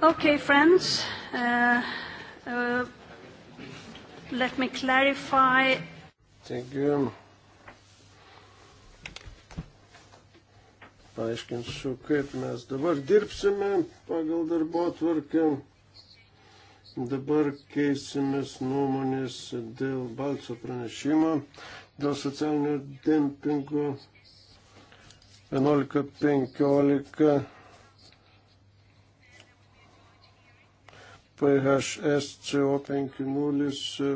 Okay, friends, uh, uh, let me clarify. Taigi, paaiškinsiu, kaip mes dabar dirbsime pagal darbo atvarkę. Dabar keisimės nuomonės dėl Balco pranešimo, dėl socialinio dempingo 11.15. PHS CO50 e,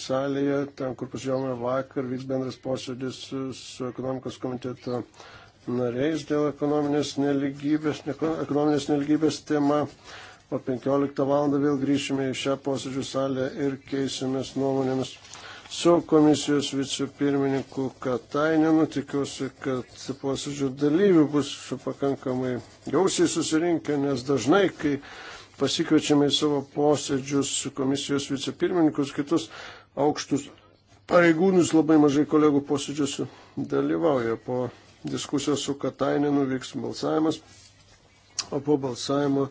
salėje, ten kur pažiūrėjome vakar, vyks bendras posėdis e, su ekonomikos komiteto nariais dėl ekonominės neligybės, ekonominės neligybės tema. O 15 val. vėl grįšime į šią posėdžių salę ir keisimės nuomonėmis su komisijos vicepirmininku Katainenu. Tikiuosi, kad posėdžių dalyvių bus pakankamai gausiai susirinkę, nes dažnai, kai pasikviečiame į savo posėdžius komisijos vicepirmininkus, kitus aukštus pareigūnus, labai mažai kolegų posėdžiuose dalyvauja. Po diskusijos su Katainenu vyks balsavimas, o po balsavimo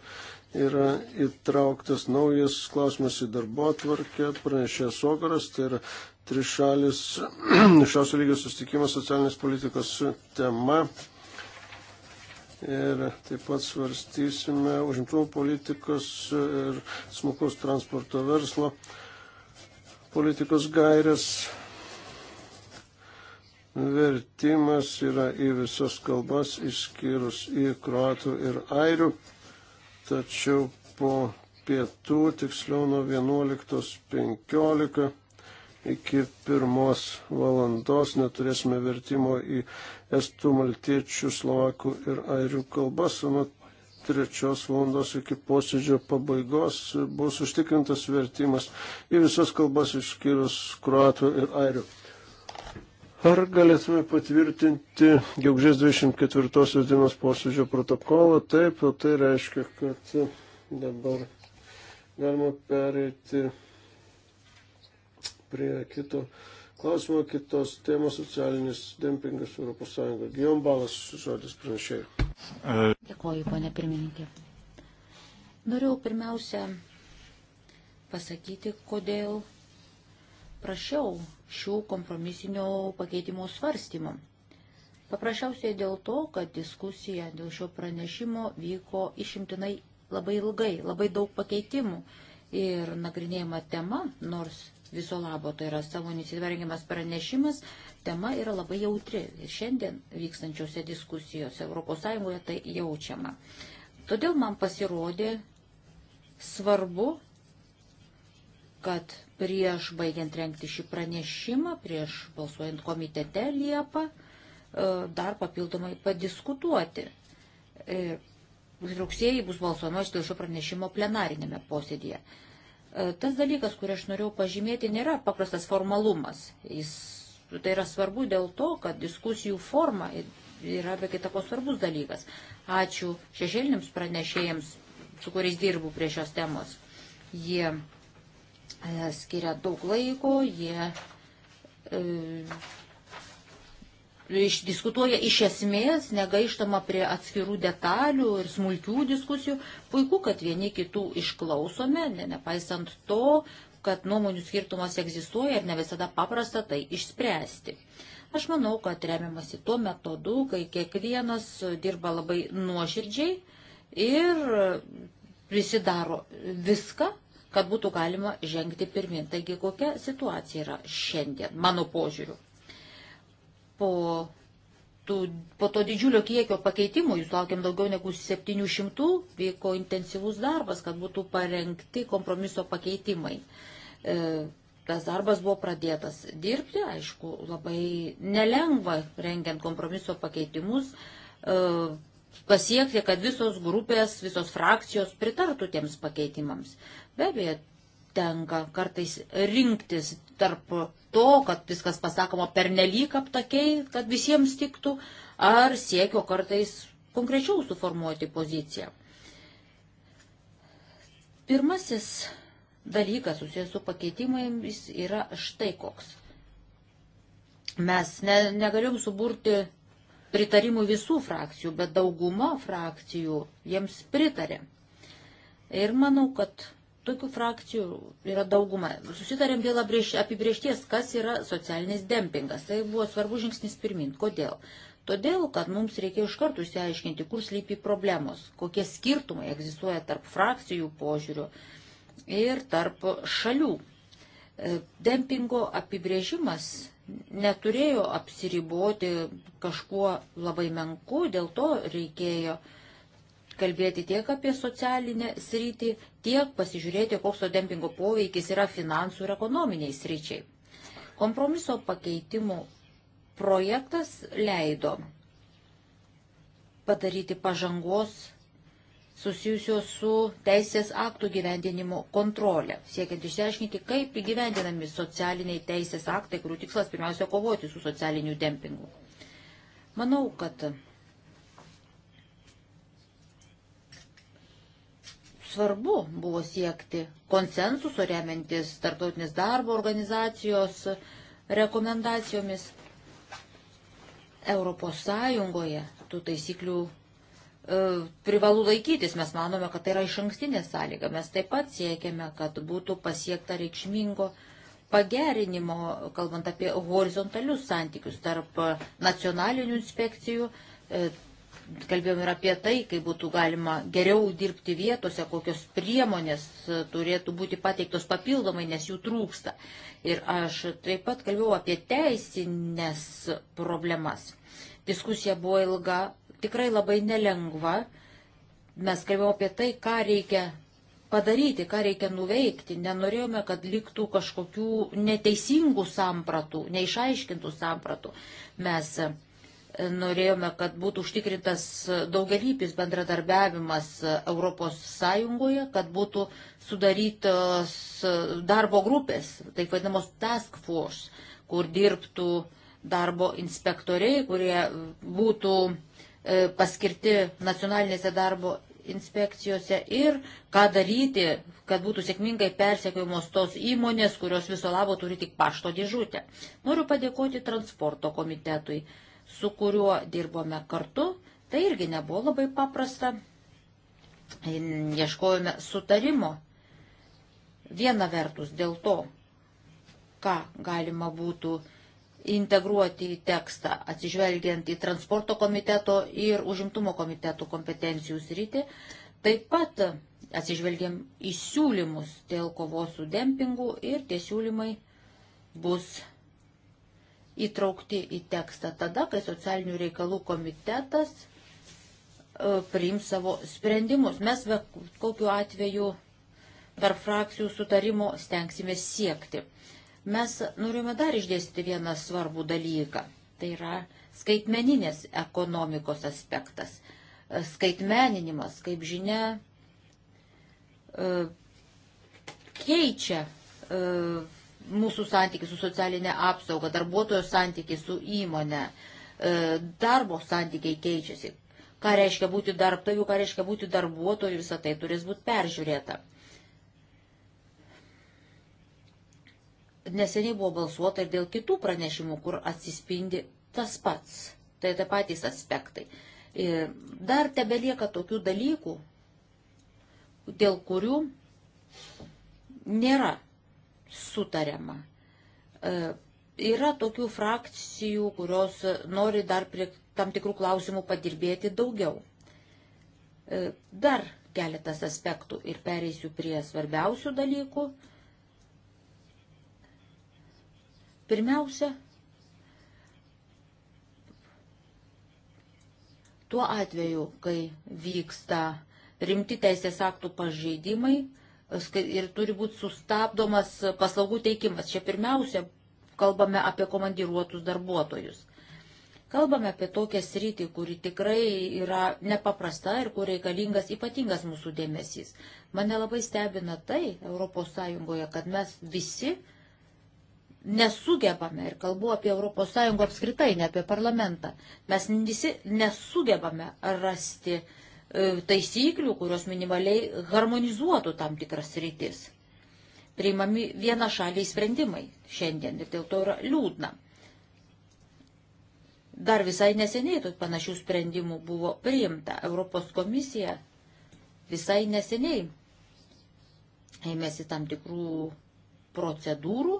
yra įtrauktas naujas klausimas į darbo atvarkę, pranešė Sokaras, tai yra trišalis šios lygio sustikimas socialinės politikos tema ir taip pat svarstysime užimtumo politikos ir smulkaus transporto verslo politikos gairias. Vertimas yra į visas kalbas, išskyrus į kroatų ir airių, tačiau po pietų, tiksliau nuo 11.15 iki pirmos valandos neturėsime vertimo į estų, maltiečių, slovakų ir airių kalbas. Nuo trečios valandos iki posėdžio pabaigos bus užtikrintas vertimas į visas kalbas išskyrus kruatų ir airių. Ar galėtume patvirtinti gegužės 24 dienos posėdžio protokolą? Taip, o tai reiškia, kad dabar galima pereiti prie kito klausimą kitos temos socialinis dempingas Europos Sąjunga. Gijom Balas, žodis pranešėjai. Dėkoju, ponė pirmininkė. Norėjau pirmiausia pasakyti, kodėl prašiau šių kompromisinio pakeitimo svarstymų. Paprasčiausiai dėl to, kad diskusija dėl šio pranešimo vyko išimtinai labai ilgai, labai daug pakeitimų ir nagrinėjama tema, nors viso labo. Tai yra savo iniciatyvą rengiamas pranešimas. Tema yra labai jautri. Ir šiandien vykstančiose diskusijose ES tai jaučiama. Todėl man pasirodė svarbu, kad prieš baigiant renkti šį pranešimą, prieš balsuojant komitete Liepą, e, dar papildomai padiskutuoti. Ir e, rugsėjai bus balsuojama dėl šio pranešimo plenarinėme posėdėje. E, tas dalykas, kurį aš norėjau pažymėti, nėra paprastas formalumas. Jis, tai yra svarbu dėl to, kad diskusijų forma yra be kitako svarbus dalykas. Ačiū šešėlinims pranešėjams, su kuriais dirbu prie šios temos. Jie e, skiria daug laiko, jie e, išdiskutuoja iš esmės, negaištama prie atskirų detalių ir smulkių diskusijų. Puiku, kad vieni kitų išklausome, ne, nepaisant to, kad nuomonių skirtumas egzistuoja ir ne visada paprasta tai išspręsti. Aš manau, kad remiamasi tuo metodu, kai kiekvienas dirba labai nuoširdžiai ir prisidaro viską, kad būtų galima žengti pirmin. Taigi, kokia situacija yra šiandien, mano požiūriu. Po, tų, po to didžiulio kiekio pakeitimų, jūs laukiam daugiau negu 700, vyko intensyvus darbas, kad būtų parengti kompromiso pakeitimai. E, tas darbas buvo pradėtas dirbti, aišku, labai nelengva rengiant kompromiso pakeitimus, e, pasiekti, kad visos grupės, visos frakcijos pritartų tiems pakeitimams. Be abejo, tenka kartais rinktis tarp to, kad viskas pasakoma pernelyg aptakiai, kad visiems tiktų, ar siekio kartais konkrečiau suformuoti poziciją. Pirmasis dalykas susijęs su pakeitimais yra štai koks. Mes ne, negalim suburti pritarimų visų frakcijų, bet dauguma frakcijų jiems pritarė. Ir manau, kad tokių frakcijų yra dauguma. Susitarėm dėl apibriešties, kas yra socialinis dempingas. Tai buvo svarbu žingsnis pirmin. Kodėl? Todėl, kad mums reikia iš karto išsiaiškinti, kur slypi problemos, kokie skirtumai egzistuoja tarp frakcijų požiūrių ir tarp šalių. E, dempingo apibrėžimas neturėjo apsiriboti kažkuo labai menku, dėl to reikėjo uh, kalbėti tiek apie socialinę sritį, tiek pasižiūrėti, koks to dempingo poveikis yra finansų ir ekonominiai sričiai. Kompromiso pakeitimų projektas leido padaryti pažangos susijusios su teisės aktų gyvendinimo kontrolė, siekiant išsiaiškinti, kaip įgyvendinami socialiniai teisės aktai, kurių tikslas pirmiausia kovoti su socialiniu dempingu. Manau, kad svarbu buvo siekti konsensuso remiantis tarptautinės darbo organizacijos rekomendacijomis. Europos Sąjungoje tų taisyklių e, privalu laikytis, mes manome, kad tai yra iš ankstinė sąlyga. Mes taip pat siekiame, kad būtų pasiekta reikšmingo pagerinimo, kalbant apie horizontalius santykius tarp nacionalinių inspekcijų, e, kalbėjom ir apie tai, kaip būtų galima geriau dirbti vietose, kokios priemonės e, turėtų būti pateiktos papildomai, nes jų trūksta. Ir aš taip pat kalbėjau apie teisinės problemas. Diskusija buvo ilga, tikrai labai nelengva. Mes kalbėjome apie tai, ką reikia padaryti, ką reikia nuveikti. Nenorėjome, kad liktų kažkokių neteisingų sampratų, neišaiškintų sampratų. Mes norėjome, kad būtų užtikrintas daugelįpis bendradarbiavimas Europos Sąjungoje, kad būtų sudarytos darbo grupės, taip vadinamos task force, kur dirbtų darbo inspektoriai, kurie būtų e, paskirti nacionalinėse darbo inspekcijose ir ką daryti, kad būtų sėkmingai persekiojamos tos įmonės, kurios viso labo turi tik pašto dėžutę. Noriu padėkoti transporto komitetui su kuriuo dirbome kartu. Tai irgi nebuvo labai paprasta. Ieškojome sutarimo. Viena vertus dėl to, ką galima būtų integruoti į tekstą, atsižvelgiant į transporto komiteto ir užimtumo komitetų kompetencijų sritį. Taip pat atsižvelgiam į siūlymus dėl kovos su dempingu ir tie siūlymai bus įtraukti į tekstą tada, kai socialinių reikalų komitetas e, priims savo sprendimus. Mes kokiu atveju tarp frakcijų sutarimo stengsime siekti. Mes norime dar išdėstyti vieną svarbų dalyką. Tai yra skaitmeninės ekonomikos aspektas. E, skaitmeninimas, kaip žinia, e, keičia mūsų santykiai su socialinė apsauga, darbuotojo santykiai su įmonė, e, darbo santykiai keičiasi. Ką reiškia būti darbtoju, ką reiškia būti darbuotoju, visą tai turės būti peržiūrėta. Neseniai buvo balsuota ir dėl kitų pranešimų, kur atsispindi tas pats. Tai tai patys aspektai. Ir e, dar tebelieka tokių dalykų, dėl kurių nėra sutariama. E, yra tokių frakcijų, kurios nori dar prie tam tikrų klausimų padirbėti daugiau. E, dar keletas aspektų ir pereisiu prie svarbiausių dalykų. Pirmiausia, tuo atveju, kai vyksta rimti teisės aktų pažeidimai, ir turi būti sustabdomas paslaugų teikimas. Čia pirmiausia kalbame apie komandiruotus darbuotojus. Kalbame apie tokią sritį, kuri tikrai yra nepaprasta ir kur reikalingas ypatingas mūsų dėmesys. Mane labai stebina tai ES, kad mes visi nesugebame, ir kalbu apie ES apskritai, ne apie parlamentą, mes visi nesugebame rasti uh, E, taisyklių, kurios minimaliai harmonizuotų tam tikras rytis. Priimami viena šaliai sprendimai šiandien ir dėl to yra liūdna. Dar visai neseniai tokių panašių sprendimų buvo priimta. Europos komisija visai neseniai ėmėsi tam tikrų procedūrų,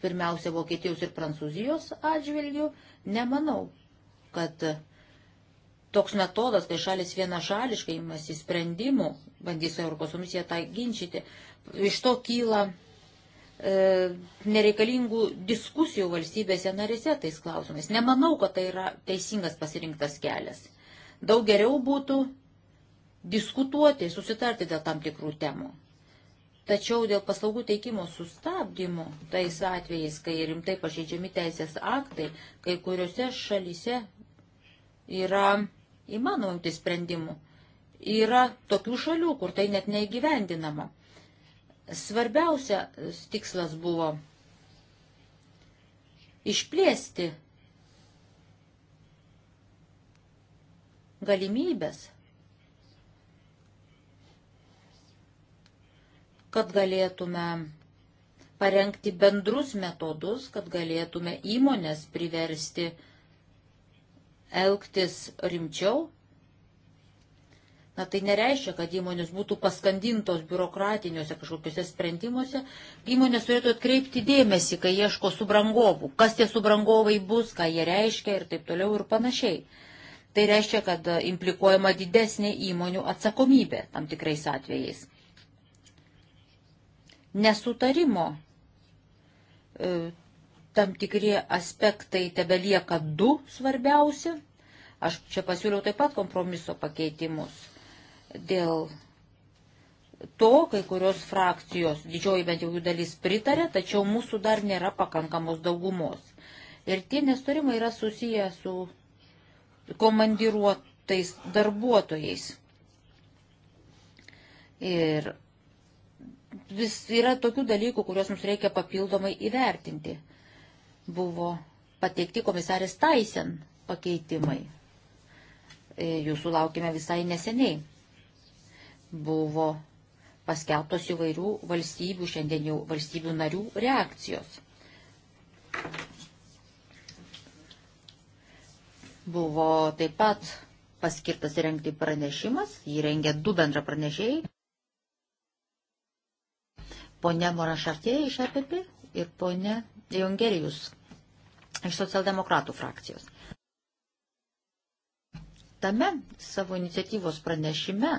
pirmiausia Vokietijos ir Prancūzijos atžvilgių. Nemanau, kad toks metodas, kai šalis vienašališkai imasi sprendimų, bandys Europos komisija tą tai ginčyti, iš to kyla e, nereikalingų diskusijų valstybėse narėse tais klausimais. Nemanau, kad tai yra teisingas pasirinktas kelias. Daug geriau būtų diskutuoti, susitarti dėl tam tikrų temų. Tačiau dėl paslaugų teikimo sustabdymo, tais atvejais, kai rimtai pažeidžiami teisės aktai, kai kuriuose šalyse yra įmanoma imti sprendimų. Yra tokių šalių, kur tai net neįgyvendinama. Svarbiausia tikslas buvo išplėsti galimybės, kad galėtume parengti bendrus metodus, kad galėtume įmonės priversti uh, elgtis rimčiau. Na tai nereiškia, kad įmonės būtų paskandintos biurokratiniuose kažkokiuose sprendimuose. Įmonės turėtų atkreipti dėmesį, kai ieško subrangovų, kas tie subrangovai bus, ką jie reiškia ir taip toliau ir panašiai. Tai reiškia, kad implikuojama didesnė įmonių atsakomybė tam tikrais atvejais. Nesutarimo e, tam tikri aspektai tebelieka du svarbiausi. Aš čia pasiūliau taip pat kompromiso pakeitimus. Dėl to kai kurios frakcijos, didžioji bent jau jų dalis pritarė, tačiau mūsų dar nėra pakankamos daugumos. Ir tie nestorimai yra susiję su komandiruotais darbuotojais. Ir vis yra tokių dalykų, kuriuos mums reikia papildomai įvertinti buvo pateikti komisarės Taisen pakeitimai. E, jūsų laukime visai neseniai. Buvo paskeltos įvairių valstybių, šiandien jau valstybių narių reakcijos. Buvo taip pat paskirtas rengti pranešimas, jį rengė du bendra pranešėjai. Pone Morašartė iš APP e ir pone Jongerijus iš socialdemokratų frakcijos. Tame savo iniciatyvos pranešime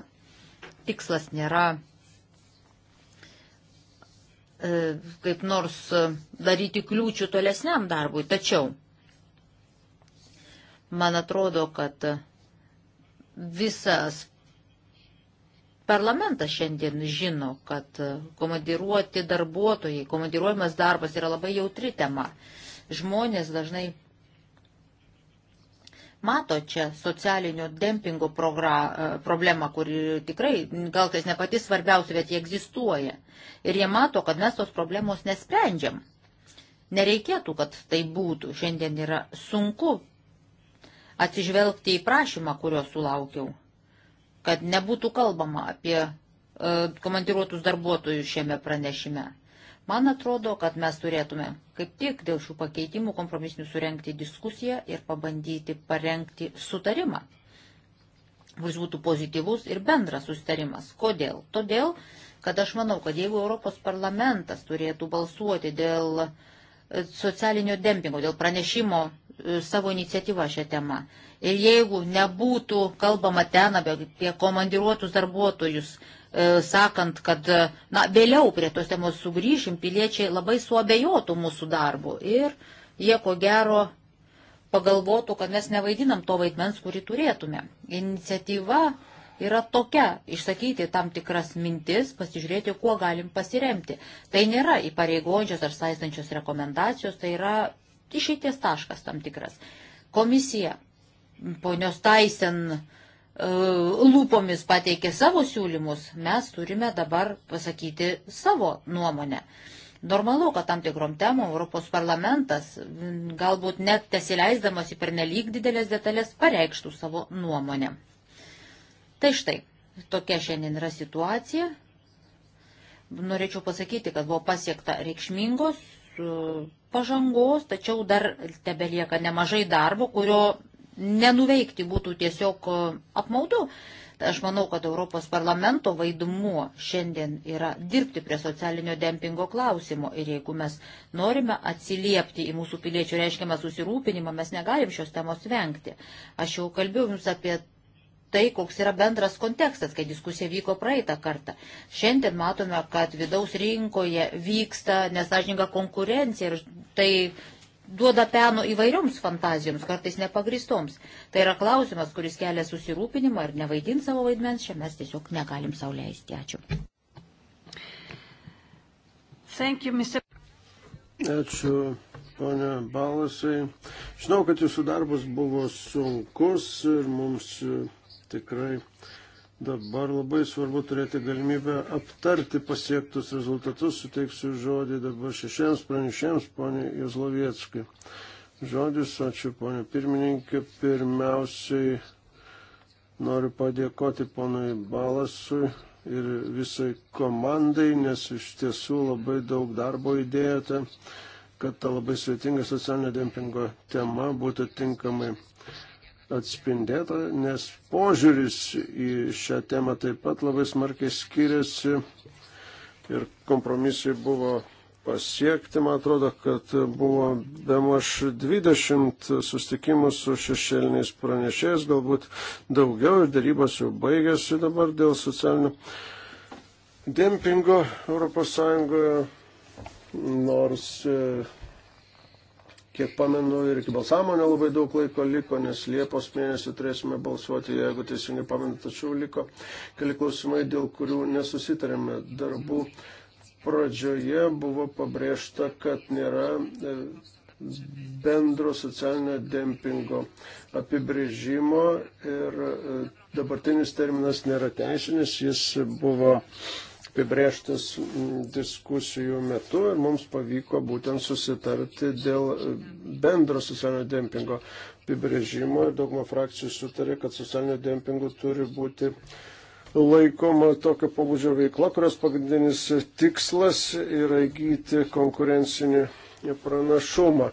tikslas nėra e, kaip nors daryti kliūčių tolesniam darbui. Tačiau, man atrodo, kad visas Parlamentas šiandien žino, kad komandiruoti darbuotojai, komandiruojamas darbas yra labai jautri tema. Žmonės dažnai mato čia socialinio dempingo progra, problemą, kuri tikrai gal tai ne pati svarbiausia, bet jie egzistuoja. Ir jie mato, kad mes tos problemos nesprendžiam. Nereikėtų, kad tai būtų. Šiandien yra sunku atsižvelgti į prašymą, kurio sulaukiau kad nebūtų kalbama apie e, komandiruotus darbuotojus šiame pranešime. Man atrodo, kad mes turėtume kaip tik dėl šių pakeitimų kompromisinių surenkti diskusiją ir pabandyti parengti sutarimą, kuris būtų pozityvus ir bendras sustarimas. Kodėl? Todėl, kad aš manau, kad jeigu Europos parlamentas turėtų balsuoti dėl e, socialinio dempingo, dėl pranešimo E, savo iniciatyvą šią temą. Ir jeigu nebūtų kalbama ten apie komandiruotus darbuotojus, e, sakant, kad e, na, vėliau prie tos temos sugrįšim, piliečiai labai suabejotų mūsų darbu ir jie ko gero pagalvotų, kad mes nevaidinam to vaidmens, kurį turėtume. Iniciatyva yra tokia - išsakyti tam tikras mintis, pasižiūrėti, kuo galim pasiremti. Tai nėra įpareigojančios ar saistančios rekomendacijos, tai yra išeities taškas tam tikras. Komisija ponios Taisen e, lūpomis pateikė savo siūlymus, mes turime dabar pasakyti savo nuomonę. Normalu, kad tam tikrom temom Europos parlamentas, galbūt net tesileisdamas į pernelyg didelės detalės, pareikštų savo nuomonę. Tai štai, tokia šiandien yra situacija. Norėčiau pasakyti, kad buvo pasiekta reikšmingos e, pažangos, tačiau dar tebelieka nemažai darbo, kurio nenuveikti būtų tiesiog e, apmaudu. Tai aš manau, kad Europos parlamento vaidmuo šiandien yra dirbti prie socialinio dempingo klausimo ir jeigu mes norime atsiliepti į mūsų piliečių reiškiamą susirūpinimą, mes negalim šios temos vengti. Aš jau kalbėjau Jums apie tai, koks yra bendras kontekstas, kai diskusija vyko praeitą kartą. Šiandien matome, kad vidaus rinkoje vyksta nesažininga konkurencija ir tai duoda peno įvairioms fantazijoms, kartais nepagristoms. Tai yra klausimas, kuris kelia susirūpinimą ir nevaidint savo vaidmens, čia mes tiesiog negalim sauliaisti. Ačiū. Thank you, Mr. Ačiū, ponė Balasai. Žinau, kad jūsų darbas buvo sunkus ir mums tikrai Dabar labai svarbu turėti galimybę aptarti pasiektus rezultatus. Suteiksiu žodį dabar šešiems pranešėms, ponė Jazlovieckai. Žodis, ačiū ponė pirmininkė. Pirmiausiai noriu padėkoti ponui Balasui ir visai komandai, nes iš tiesų labai daug darbo įdėjote, kad ta labai svetinga socialinio dempingo tema būtų tinkamai atspindėta, nes požiūris į šią temą taip pat labai smarkiai skiriasi ir kompromisai buvo pasiekti. Man atrodo, kad buvo be maž 20 sustikimų su šešėliniais pranešėjais, galbūt daugiau ir darybos jau baigėsi dabar dėl socialinių dempingo ES, nors Kiek pamenu, ir iki balsavimo nelabai daug laiko liko, nes Liepos mėnesį turėsime balsuoti, jeigu teisingai pamenu, tačiau liko keli klausimai, dėl kurių nesusitarėme darbų. Pradžioje buvo pabrėžta, kad nėra e, bendro socialinio dempingo apibrėžimo ir e, dabartinis terminas nėra teisinis, jis buvo uh, apibrėžtas mm, diskusijų metu ir mums pavyko būtent susitarti dėl e, bendro socialinio dempingo apibrėžimo ir dauguma frakcijų sutarė, kad socialinio dempingo turi būti laikoma tokio pobūdžio veikla, kurios pagrindinis tikslas yra įgyti konkurencinį pranašumą.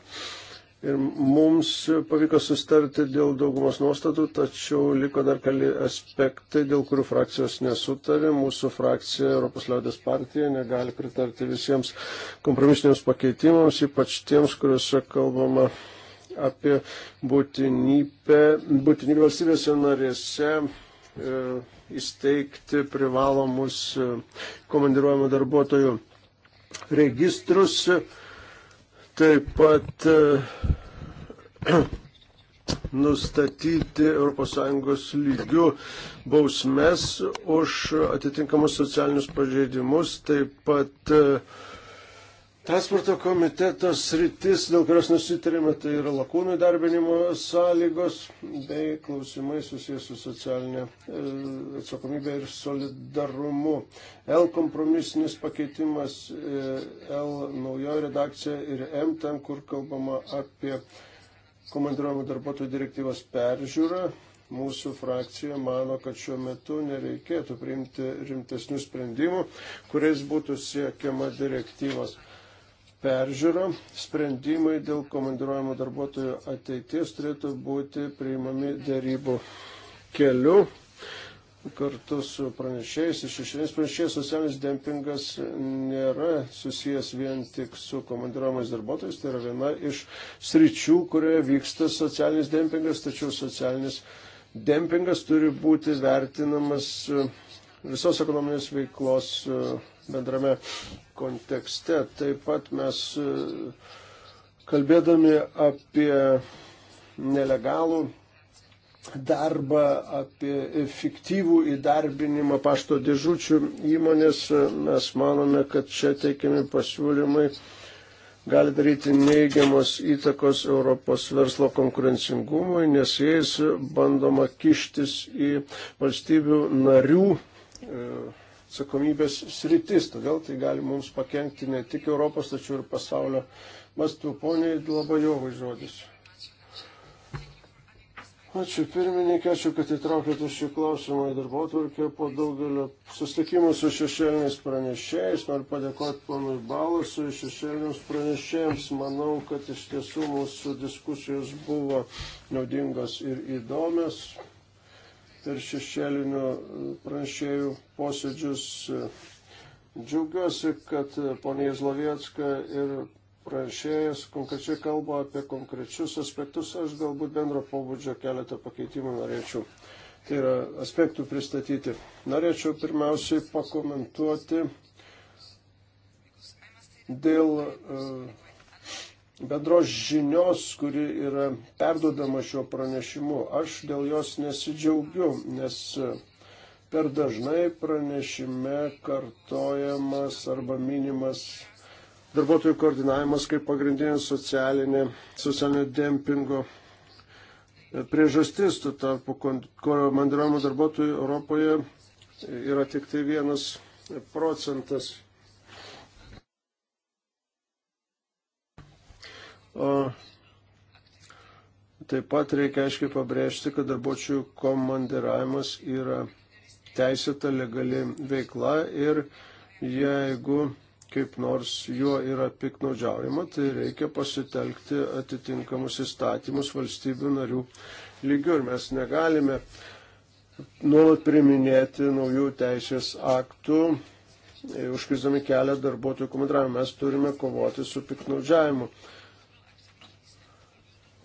Ir mums pavyko sustarti dėl daugumos nuostatų, tačiau liko dar keli aspektai, dėl kurių frakcijos nesutarė. Mūsų frakcija Europos liaudės partija negali pritarti visiems kompromisiniams pakeitimams, ypač tiems, kuriuose kalbama apie būtinybę, būtinybę valstybėse narėse e, įsteigti privalomus e, komandiruojamų darbuotojų registrus. E, Taip pat eh, nustatyti ES lygių bausmes už atitinkamus socialinius pažeidimus, taip pat uh, Transporto komiteto sritis, dėl kurios nusitarėme, tai yra lakūnų darbinimo sąlygos bei klausimai susijęs su socialinė e, atsakomybė ir solidarumu. L kompromisinis pakeitimas, e, L naujoji redakcija ir M ten, kur kalbama apie komandiruojamų darbuotojų direktyvos peržiūrą. Mūsų frakcija mano, kad šiuo metu nereikėtų priimti rimtesnių sprendimų, kuriais būtų siekiama direktyvos peržiūra, sprendimai dėl komandiruojamo darbuotojų ateities turėtų būti priimami dėrybų keliu. Kartu su pranešėjais, iš išvės pranešėjais, socialinis dempingas nėra susijęs vien tik su komandiruojamais darbuotojais, tai yra viena iš sričių, kurioje vyksta socialinis dempingas, tačiau socialinis dempingas turi būti vertinamas uh, visos ekonominės veiklos e, bendrame kontekste. Taip pat mes e, kalbėdami apie nelegalų darbą, apie fiktyvų įdarbinimą pašto dėžučių įmonės, e, mes manome, kad čia teikiami pasiūlymai gali daryti neigiamos įtakos Europos verslo konkurencingumui, nes jais bandoma kištis į valstybių narių E, atsakomybės sritis, todėl tai gali mums pakengti ne tik Europos, tačiau ir pasaulio mastu. Poniai, labai jovai žodis. Ačiū pirmininkė, ačiū, kad įtraukėte šį klausimą į darbo atvarkę po daugelio susitikimų su šešėliniais pranešėjais. Noriu padėkoti ponui Balasui, šešėliniams pranešėjams. Manau, kad iš tiesų mūsų diskusijos buvo naudingos ir įdomios per šešėlinių e, pranešėjų posėdžius. Džiaugiuosi, kad ponė Zlovietska ir pranešėjas konkrečiai kalba apie konkrečius aspektus. Aš galbūt bendro pobūdžio keletą pakeitimų norėčiau. Tai yra aspektų pristatyti. Norėčiau pirmiausiai pakomentuoti dėl uh, bendros žinios, kuri yra perdodama šiuo pranešimu. Aš dėl jos nesidžiaugiu, nes per dažnai pranešime kartojamas arba minimas darbuotojų koordinavimas kaip pagrindinė socialinė, socialinio dempingo priežastis. Tuo tarpu komandiruojamų darbuotojų Europoje yra tik tai vienas procentas Taip pat reikia aiškiai pabrėžti, kad darbuotojų komandiravimas yra teisėta legali veikla ir jeigu kaip nors juo yra piknaudžiaujama, tai reikia pasitelkti atitinkamus įstatymus valstybių narių lygių ir mes negalime nuolat priminėti naujų teisės aktų, e, užkirzdami kelią darbuotojų komandravimą. Mes turime kovoti su piknaudžiavimu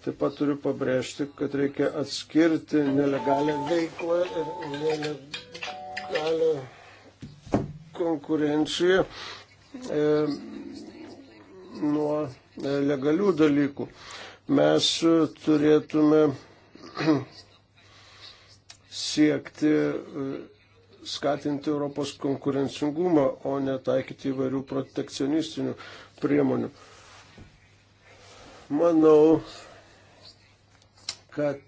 Taip pat turiu pabrėžti, kad reikia atskirti nelegalią veiklą ir nelegalią konkurenciją e, nuo legalių dalykų. Mes turėtume siekti e, skatinti Europos konkurencingumą, o ne taikyti įvairių protekcionistinių priemonių. Manau, kad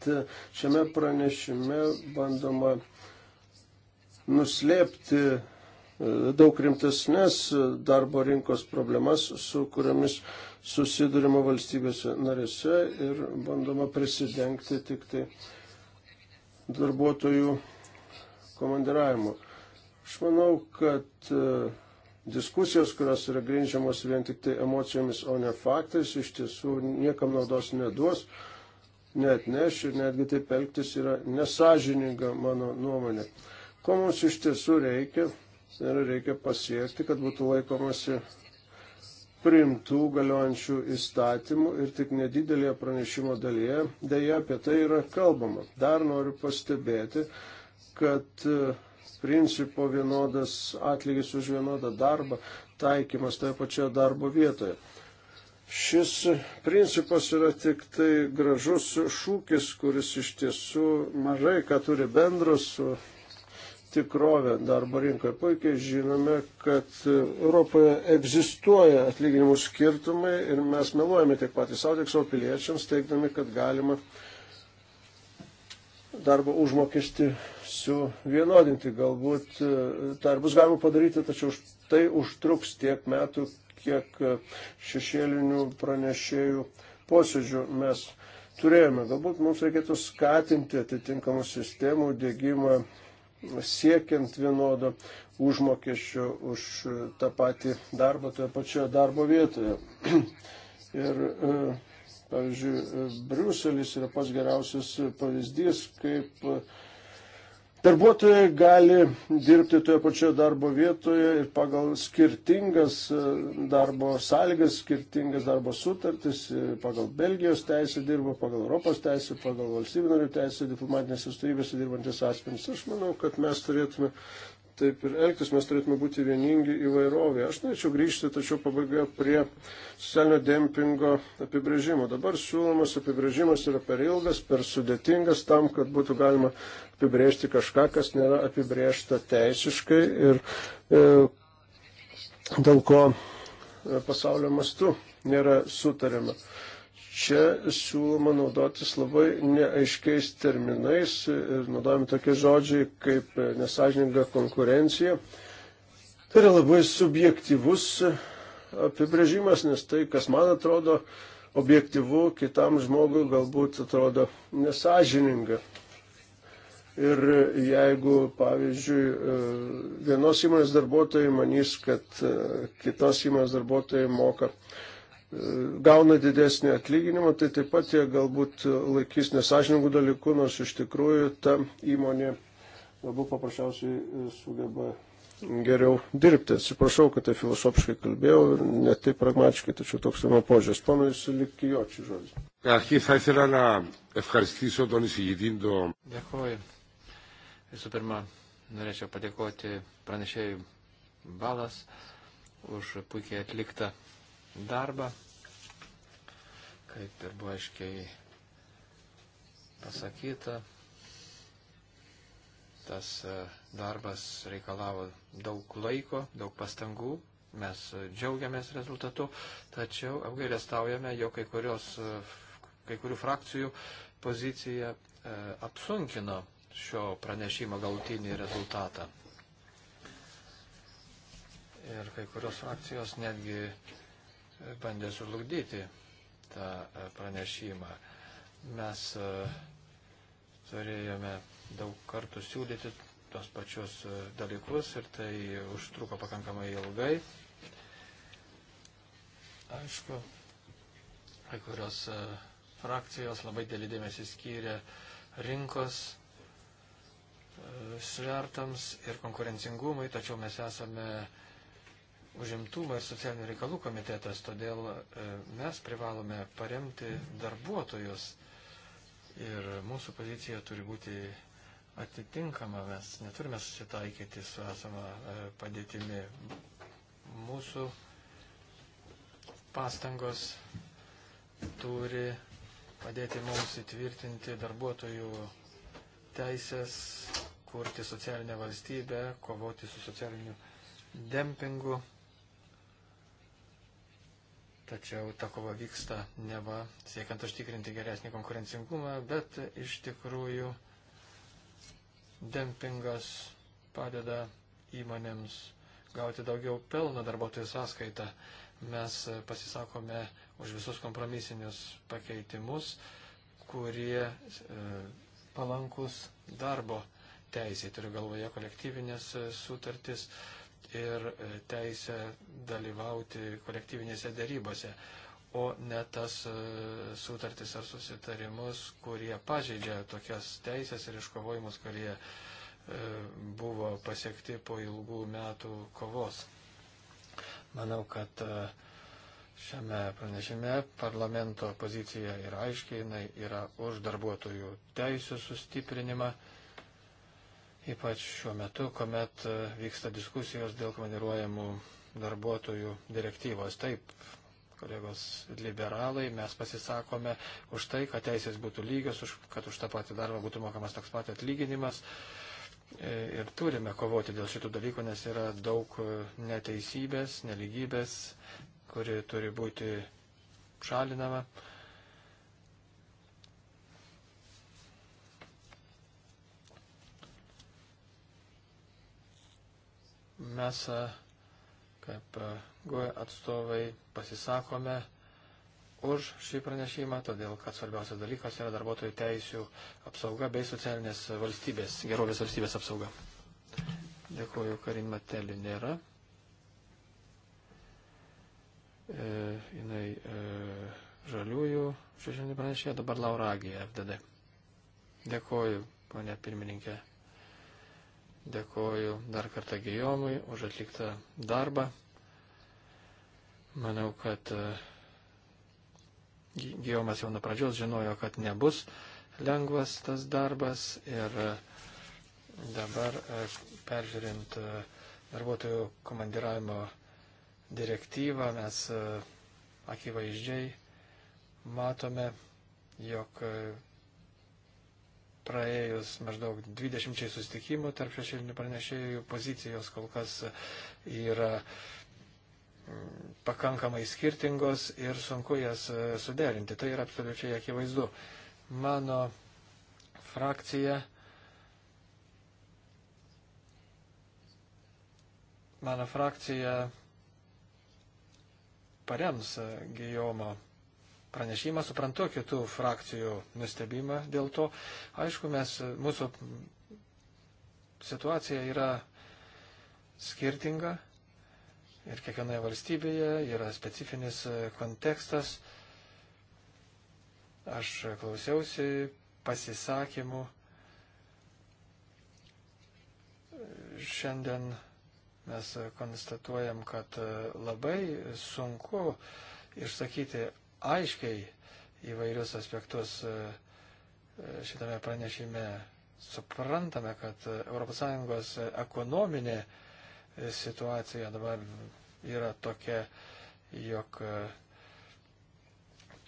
šiame pranešime bandoma nuslėpti e, daug rimtesnės darbo rinkos problemas, su kuriamis susidurima valstybėse narėse ir bandoma prisidengti tik tai darbuotojų komandiravimu. Aš manau, kad e, diskusijos, kurios yra grindžiamos vien tik tai emocijomis, o ne faktais, iš tiesų niekam naudos neduos neatneš ir netgi taip elgtis yra nesažininga mano nuomonė. Ko mums iš tiesų reikia? Ir tai reikia pasiekti, kad būtų laikomasi priimtų galiojančių įstatymų ir tik nedidelėje pranešimo dalyje dėja apie tai yra kalbama. Dar noriu pastebėti, kad e, principo vienodas atlygis už vienodą darbą taikymas toje pačioje darbo vietoje Šis principas yra tik tai gražus šūkis, kuris iš tiesų mažai ką turi bendro su tikrovė darbo rinkoje. Puikiai žinome, kad Europoje egzistuoja atlyginimų skirtumai ir mes meluojame tiek patys savo, tiek savo piliečiams, teikdami, kad galima darbo užmokesti suvienodinti. Galbūt e, tą ir bus galima padaryti, tačiau tai užtruks tiek metų, kiek e, šešėlinių pranešėjų posėdžių mes turėjome. Galbūt mums reikėtų skatinti atitinkamų sistemų dėgymą siekiant vienodo užmokesčio už tą patį darbą toje pačioje darbo vietoje. Ir, e, pavyzdžiui, Briuselis yra pats geriausias pavyzdys, kaip Darbuotojai gali dirbti toje pačioje darbo vietoje ir pagal skirtingas e, darbo sąlygas, skirtingas darbo sutartis, e, pagal Belgijos teisę dirba, pagal Europos teisę, pagal valstybinarių teisę, diplomatinės atstovybėse dirbantis asmenys. Aš manau, kad mes turėtume taip ir elgtis, mes turėtume būti vieningi įvairovė. Aš norėčiau grįžti, tačiau pabaigoje prie socialinio dempingo apibrėžimo. Dabar siūlomas apibrėžimas yra per ilgas, per sudėtingas tam, kad būtų galima apibrėžti kažką, kas nėra apibrėžta teisiškai ir e, dėl ko e, pasaulio mastu nėra sutariama. E, Čia siūloma naudotis labai neaiškiais terminais ir naudojami tokie žodžiai kaip nesažininga konkurencija. Tai yra labai subjektivus apibrėžimas, nes tai, kas man atrodo objektivu, kitam žmogui galbūt atrodo nesažininga. Ir jeigu, pavyzdžiui, vienos įmonės darbuotojai manys, kad kitos įmonės darbuotojai moka gauna didesnį atlyginimą, tai taip pat jie galbūt laikys nesažiningų dalykų, nors iš tikrųjų ta įmonė galbūt paprasčiausiai e, sugeba geriau dirbti. Atsiprašau, kad tai filosofiškai kalbėjau ir ne taip pragmatiškai, tačiau toks mano požiūris. Ponui Silikijočiui žodis. Dėkuoju. Visų pirma, norėčiau padėkoti pranešėjui Balas už puikiai atliktą darbą kaip ir buvo aiškiai pasakyta, tas e, darbas reikalavo daug laiko, daug pastangų, mes e, džiaugiamės rezultatu, tačiau apgailestaujame, jog kai, kurios, e, kai kurių frakcijų pozicija apsunkino šio pranešimo galutinį rezultatą. Ir kai kurios frakcijos netgi bandė sulugdyti tą e, pranešimą. Mes e, turėjome daug kartų siūlyti tos pačius e, dalykus ir tai užtruko pakankamai ilgai. Aišku, kai kurios frakcijos labai dėlį dėmesį skyrė rinkos svertams ir konkurencingumui, tačiau mes esame užimtumo ir socialinių reikalų komitetas, todėl e, mes privalome paremti darbuotojus ir mūsų pozicija turi būti atitinkama, mes neturime susitaikyti su esama e, padėtimi. Mūsų pastangos turi padėti mums įtvirtinti darbuotojų teisės, kurti socialinę valstybę, kovoti su socialiniu dempingu. Tačiau ta kova vyksta neva siekiant užtikrinti geresnį konkurencingumą, bet iš tikrųjų dempingas padeda įmonėms gauti daugiau pelno darbuotojų sąskaitą. Mes pasisakome už visus kompromisinius pakeitimus, kurie e, palankus darbo teisė, turiu galvoje kolektyvinės e, sutartis, e, ir e, teisę dalyvauti kolektyvinėse dėrybose, o ne tas e, sutartis ar susitarimus, kurie pažeidžia tokias teisės ir iškovojimus, kurie e, buvo pasiekti po ilgų metų kovos. Manau, kad šiame pranešime parlamento pozicija yra aiškiai, jinai yra už darbuotojų teisų sustiprinimą ypač šiuo metu, kuomet e, vyksta diskusijos dėl komandiruojamų darbuotojų direktyvos. Taip, kolegos liberalai, mes pasisakome už tai, kad teisės būtų lygios, už, kad už tą patį darbą būtų mokamas toks pat atlyginimas. E, ir turime kovoti dėl šitų dalykų, nes yra daug e, neteisybės, neligybės, kuri turi būti šalinama. Mes e, kaip GUE e atstovai pasisakome už šį pranešimą, todėl kad svarbiausias dalykas yra darbuotojų teisių apsauga bei socialinės valstybės, gerovės valstybės apsauga. Dėkuoju, Karin Matelį nėra. E, jinai e, žaliųjų šešėlį pranešė, dabar Laura Agija, FDD. Dėkuoju, ponė pirmininkė. Dėkoju dar kartą Gijomui už atliktą darbą. Manau, kad e, Gijomas jau nuo pradžios žinojo, kad nebus lengvas tas darbas ir e, dabar e, peržiūrint darbuotojų komandiravimo direktyvą mes akivaizdžiai matome, jog praėjus maždaug 20 sustikimų tarp šešėlinių pranešėjų pozicijos kol kas yra mm, pakankamai skirtingos ir sunku jas e, suderinti. Tai yra absoliučiai akivaizdu. Mano frakcija, mano frakcija parems Gijomo pranešimą, suprantu kitų frakcijų nustebimą dėl to. Aišku, mes, mūsų situacija yra skirtinga ir kiekvienoje valstybėje yra specifinis kontekstas. Aš klausiausi pasisakymų šiandien mes konstatuojam, kad labai sunku išsakyti aiškiai įvairius aspektus e, e, šitame pranešime. Suprantame, kad ES ekonominė situacija dabar yra tokia, jog e,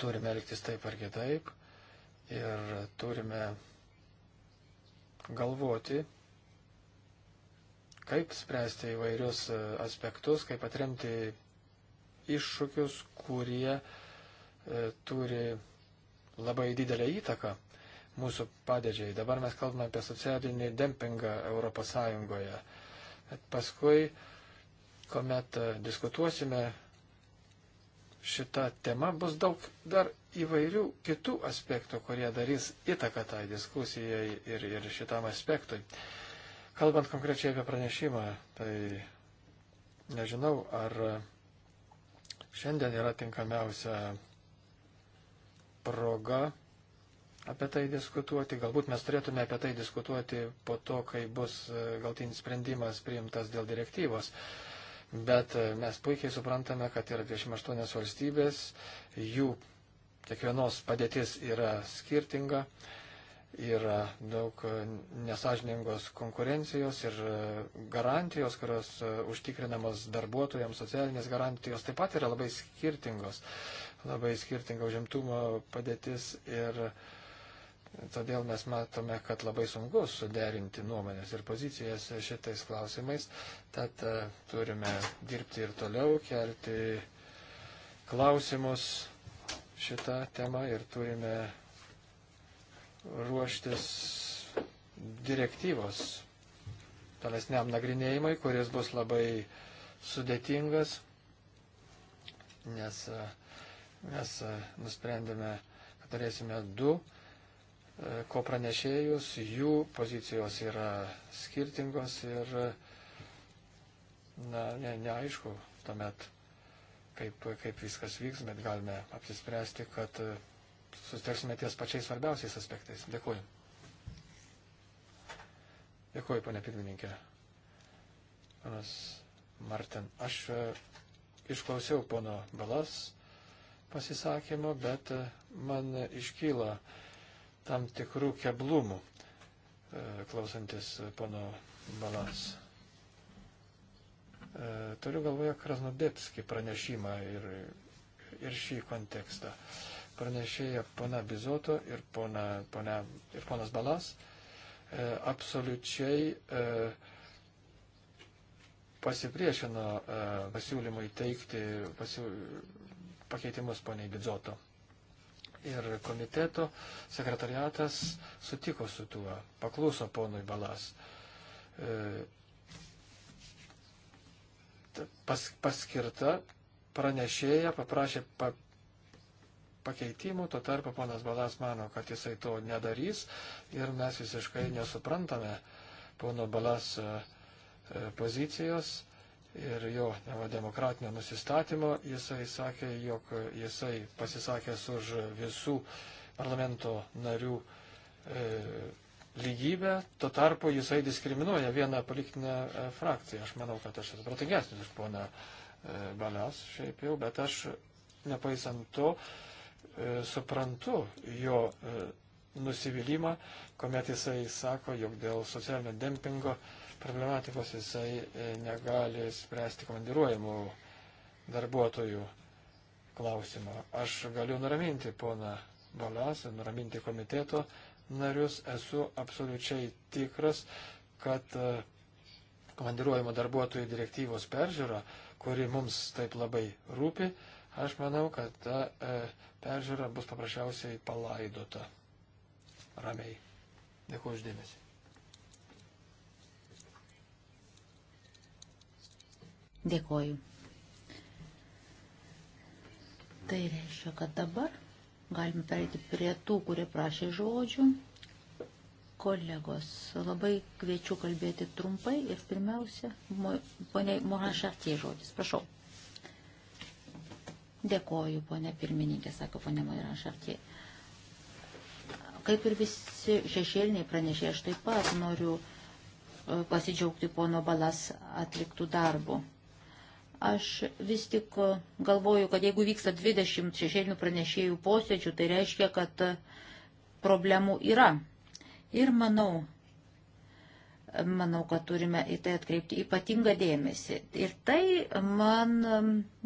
turime elgtis taip ar kitaip ir turime galvoti, kaip spręsti įvairius aspektus, kaip atremti iššūkius, kurie uh, E, turi labai didelę įtaką mūsų padėdžiai. Dabar mes kalbame apie socialinį dempingą ES. Bet paskui, kuomet e, diskutuosime šitą temą, bus daug dar įvairių kitų aspektų, kurie darys įtaką tai diskusijai ir, ir šitam aspektui. Kalbant konkrečiai apie pranešimą, tai nežinau, ar e, šiandien yra tinkamiausia proga apie tai diskutuoti. Galbūt mes turėtume apie tai diskutuoti po to, kai bus e, galtinis sprendimas priimtas dėl direktyvos. Bet e, mes puikiai suprantame, kad yra 28 valstybės, jų kiekvienos padėtis yra skirtinga, yra daug e, nesažiningos konkurencijos ir garantijos, kurios užtikrinamos darbuotojams, socialinės garantijos taip pat yra labai skirtingos labai skirtinga užimtumo padėtis ir todėl mes matome, kad labai sunku suderinti nuomonės ir pozicijas šitais klausimais. Tad e, turime dirbti ir toliau, kelti klausimus šitą temą ir turime ruoštis direktyvos tolesniam nagrinėjimai, kuris bus labai sudėtingas, nes uh, Mes e, nusprendėme, kad turėsime du e, ko pranešėjus, jų pozicijos yra skirtingos ir na, ne, neaišku tuomet, kaip, kaip viskas vyks, bet galime apsispręsti, kad e, susitarsime ties pačiais svarbiausiais aspektais. Dėkuoju. Dėkuoju, ponė pirmininkė. Panas Martin, aš išklausiau pono Balas pasisakymo, bet e, man iškyla tam tikrų keblumų e, klausantis pono Balas. E, turiu galvoje Krasnodepskį pranešimą ir, ir šį kontekstą. Pranešėja pona Bizoto ir, pona, pona, ir ponas Balas absoliučiai pasipriešino pasiūlymui teikti pasiūlymui pakeitimus poniai Bidzoto. Ir komiteto sekretariatas sutiko su tuo, pakluso ponui Balas. E, pas, paskirta pranešėja paprašė pa, pakeitimų, tuo tarpu ponas Balas mano, kad jisai to nedarys ir mes visiškai nesuprantame pono Balas e, e, pozicijos ir jo neva demokratinio nusistatymo. Jisai sakė, jog jisai pasisakęs už visų parlamento narių e, lygybę, to tarpu jisai diskriminuoja vieną politinę e, frakciją. Aš manau, kad aš esu protingesnis už poną e, Balas šiaip jau, bet aš nepaisant to e, suprantu jo. E, nusivylimą, kuomet jisai sako, jog dėl socialinio dempingo e, problematikos jisai e, negali spręsti komandiruojamų darbuotojų klausimo. Aš galiu nuraminti poną Balasą, nuraminti komiteto narius. Esu absoliučiai tikras, kad e, komandiruojimo darbuotojų direktyvos peržiūra, kuri mums taip labai rūpi, aš manau, kad ta e, peržiūra bus paprasčiausiai palaidota ramiai. Dėkuoju uždėmesi. Dėkoju. Tai reiškia, kad dabar galime pereiti prie tų, kurie prašė žodžių. Kolegos, labai kviečiu kalbėti trumpai ir pirmiausia, mo, poniai Morašartie žodis, prašau. Dėkoju, ponė pirmininkė, sako ponė Morašartie. Kaip ir visi šešėliniai pranešė, aš taip pat noriu e, pasidžiaugti pono Balas atliktų darbų. Aš vis tik galvoju, kad jeigu vyksta 20 šešėlinių pranešėjų posėdžių, tai reiškia, kad problemų yra. Ir manau, manau, kad turime į tai atkreipti ypatingą dėmesį. Ir tai man,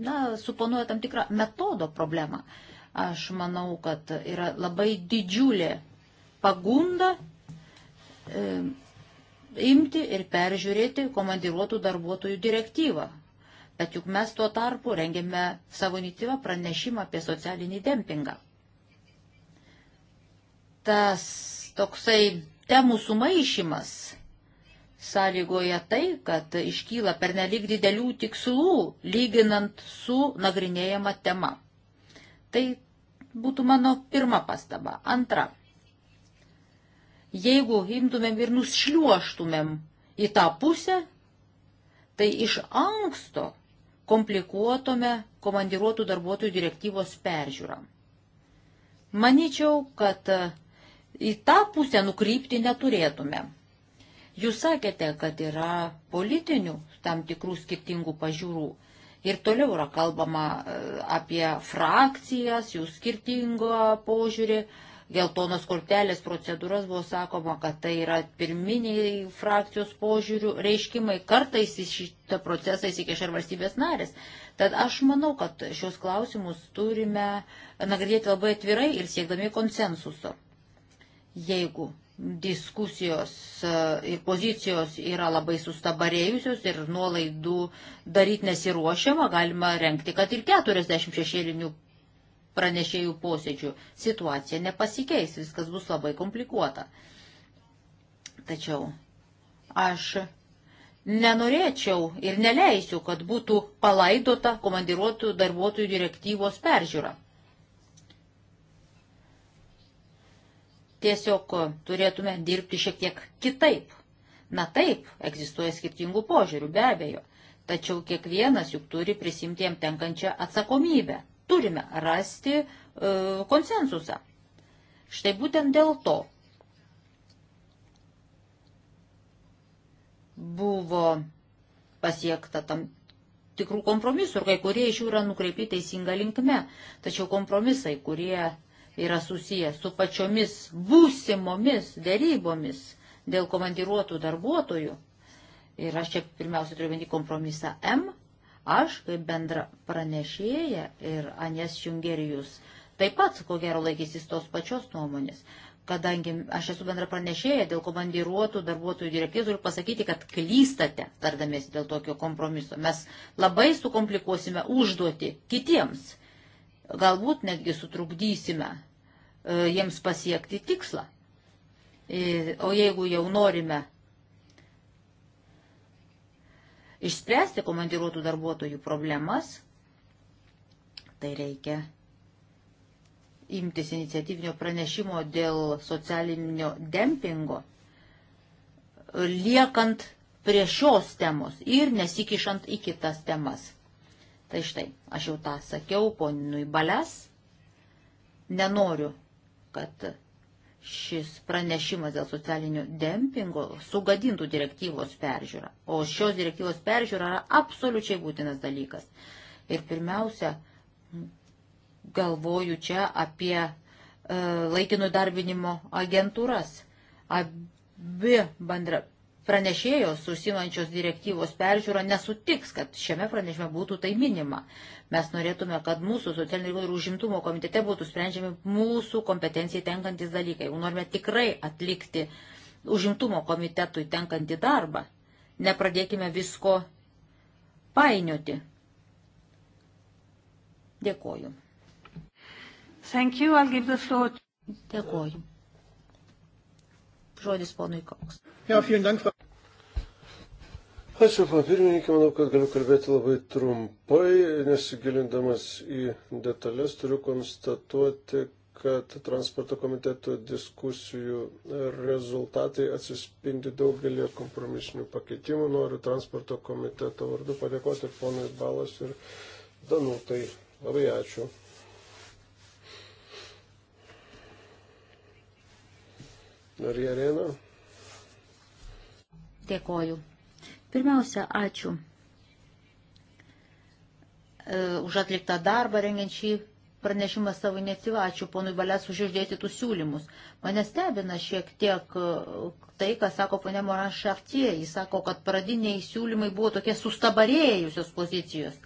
na, suponuoja tam tikrą metodo problemą. Aš manau, kad yra labai didžiulė pagunda e, imti ir peržiūrėti komandiruotų darbuotojų direktyvą Tad juk mes tuo tarpu rengėme savo iniciatyvą pranešimą apie socialinį dempingą. Tas toksai temų sumaišymas sąlygoja tai, kad iškyla pernelyg didelių tikslų lyginant su nagrinėjama tema. Tai būtų mano pirma pastaba. Antra. Jeigu imtumėm ir nušliuoštumėm į tą pusę, tai iš anksto komplikuotome komandiruotų darbuotojų direktyvos peržiūrą. Manyčiau, kad e, į tą pusę nukrypti neturėtume. Jūs sakėte, kad yra politinių tam tikrų skirtingų pažiūrų. Ir toliau yra kalbama e, apie frakcijas, jų skirtingą požiūrį. Uh, geltonos kortelės procedūras buvo sakoma, kad tai yra pirminiai frakcijos požiūrių reiškimai, kartais į šitą procesą įsikeša ir valstybės narės. Tad aš manau, kad šios klausimus turime nagrinėti labai atvirai ir siekdami konsensuso. Jeigu diskusijos e, ir pozicijos yra labai sustabarėjusios ir nuolaidų daryti nesiruošiama, galima renkti, kad ir 40 šešėlinių pranešėjų posėdžių, situacija nepasikeis, viskas bus labai komplikuota. Tačiau aš nenorėčiau ir neleisiu, kad būtų palaidota komandiruotų darbuotojų direktyvos peržiūra. Tiesiog turėtume dirbti šiek tiek kitaip. Na taip, egzistuoja skirtingų požiūrių, be abejo, tačiau kiekvienas juk turi prisimti jam tenkančią atsakomybę turime rasti e, konsensusą. Štai būtent dėl to buvo pasiekta tam tikrų kompromisų ir kai kurie iš jų yra nukreipti teisinga linkme. Tačiau kompromisai, kurie yra susiję su pačiomis būsimomis dėrybomis dėl komandiruotų darbuotojų, ir aš čia pirmiausia turiu vienį kompromisą M, Aš, kaip bendra pranešėja ir Anės Jungerijus, taip pat, ko gero, laikysis tos pačios nuomonės. Kadangi aš esu bendra pranešėja dėl komandiruotų darbuotojų direktyvų, turiu pasakyti, kad klystate, tardamėsi dėl tokio kompromiso. Mes labai sukomplikuosime užduoti kitiems. Galbūt netgi sutrukdysime e, jiems pasiekti tikslą. E, o jeigu jau norime išspręsti komandiruotų darbuotojų problemas, tai reikia imtis iniciatyvinio pranešimo dėl socialinio dempingo, liekant prie šios temos ir nesikišant į kitas temas. Tai štai, aš jau tą sakiau ponui Bales, nenoriu, kad šis pranešimas dėl socialinių dempingo sugadintų direktyvos peržiūrą. O šios direktyvos peržiūra yra absoliučiai būtinas dalykas. Ir pirmiausia, galvoju čia apie e, laikinų darbinimo agentūras. Abi bandra, pranešėjos susimančios direktyvos peržiūra nesutiks, kad šiame pranešime būtų tai minima. Mes norėtume, kad mūsų socialinių reikalų ir užimtumo komitete būtų sprendžiami mūsų kompetencijai tenkantis dalykai. Jeigu norime tikrai atlikti užimtumo komitetui tenkantį darbą, nepradėkime visko painioti. Dėkoju. Dėkoju. Žodis ponui Koks. Ja, Ačiū, pana pirmininkė, manau, kad galiu kalbėti labai trumpai, nesigilindamas į detalės, turiu konstatuoti, kad transporto komiteto diskusijų rezultatai atsispindi daugelį kompromisinių pakeitimų. Noriu transporto komiteto vardu padėkoti ponui Balas ir Danutai. Labai ačiū Marija Rena. Dėkoju. Pirmiausia, ačiū e, už atliktą darbą rengiant šį pranešimą savo iniciatyvą. Ačiū ponui Balės už išdėstytus siūlymus. Mane stebina šiek tiek e, tai, ką sako ponė Moran Šaftie. Jis sako, kad pradiniai siūlymai buvo tokie sustabarėjusios pozicijos.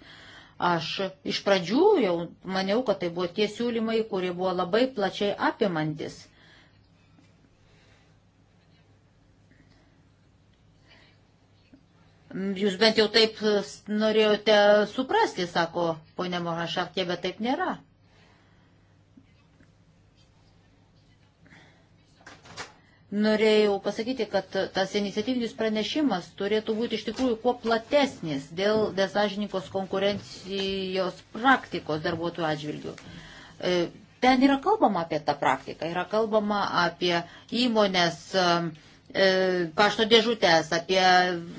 Aš iš pradžių jau maniau, kad tai buvo tie siūlymai, kurie buvo labai plačiai apimantis. Jūs bent jau taip e, norėjote suprasti, sako ponė Mohašaktė, bet taip nėra. Norėjau pasakyti, kad tas iniciatyvinis pranešimas turėtų būti iš tikrųjų kuo platesnis dėl desažininkos konkurencijos praktikos darbuotojų atžvilgių. E, ten yra kalbama apie tą praktiką, yra kalbama apie įmonės e, E, pašto dėžutės, apie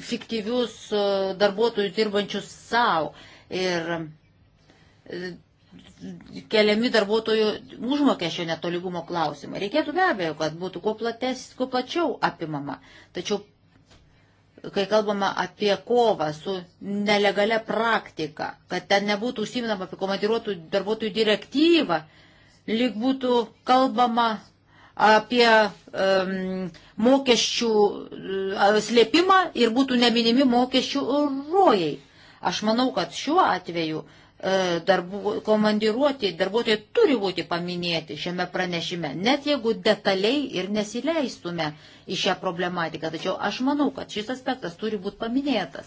fiktyvius e, darbuotojus dirbančius savo ir e, keliami darbuotojų užmokesčio netolygumo klausimai. Reikėtų be abejo, kad būtų kuo, plates, kuo plačiau apimama. Tačiau, kai kalbama apie kovą su nelegale praktika, kad ten nebūtų užsiminama apie komandiruotų darbuotojų direktyvą, lyg būtų kalbama apie um, mokesčių uh, slėpimą ir būtų neminimi mokesčių rojai. Aš manau, kad šiuo atveju uh, darbu, komandiruoti darbuotojai turi būti paminėti šiame pranešime, net jeigu detaliai ir nesileistume į šią problematiką. Tačiau aš manau, kad šis aspektas turi būti paminėtas.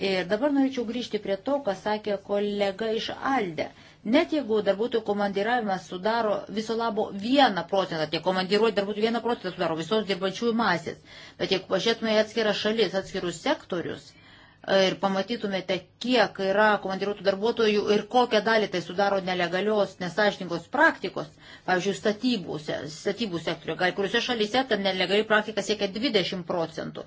Ir dabar norėčiau grįžti prie to, ką sakė kolega iš Alde. Uh, Net jeigu darbuotojų komandiravimas sudaro viso labo vieną procentą, tie komandiruoti darbuotojų vieną procentą sudaro visos dirbančiųjų masės. Bet jeigu pažiūrėtume į atskirą šalis, atskirus sektorius e, ir pamatytumėte, kiek yra komandiruotų darbuotojų ir kokią dalį tai sudaro nelegalios, nesažininkos praktikos, pavyzdžiui, statybų, statybų sektoriuje, kai kuriuose šalyse ta nelegali praktika siekia 20 procentų.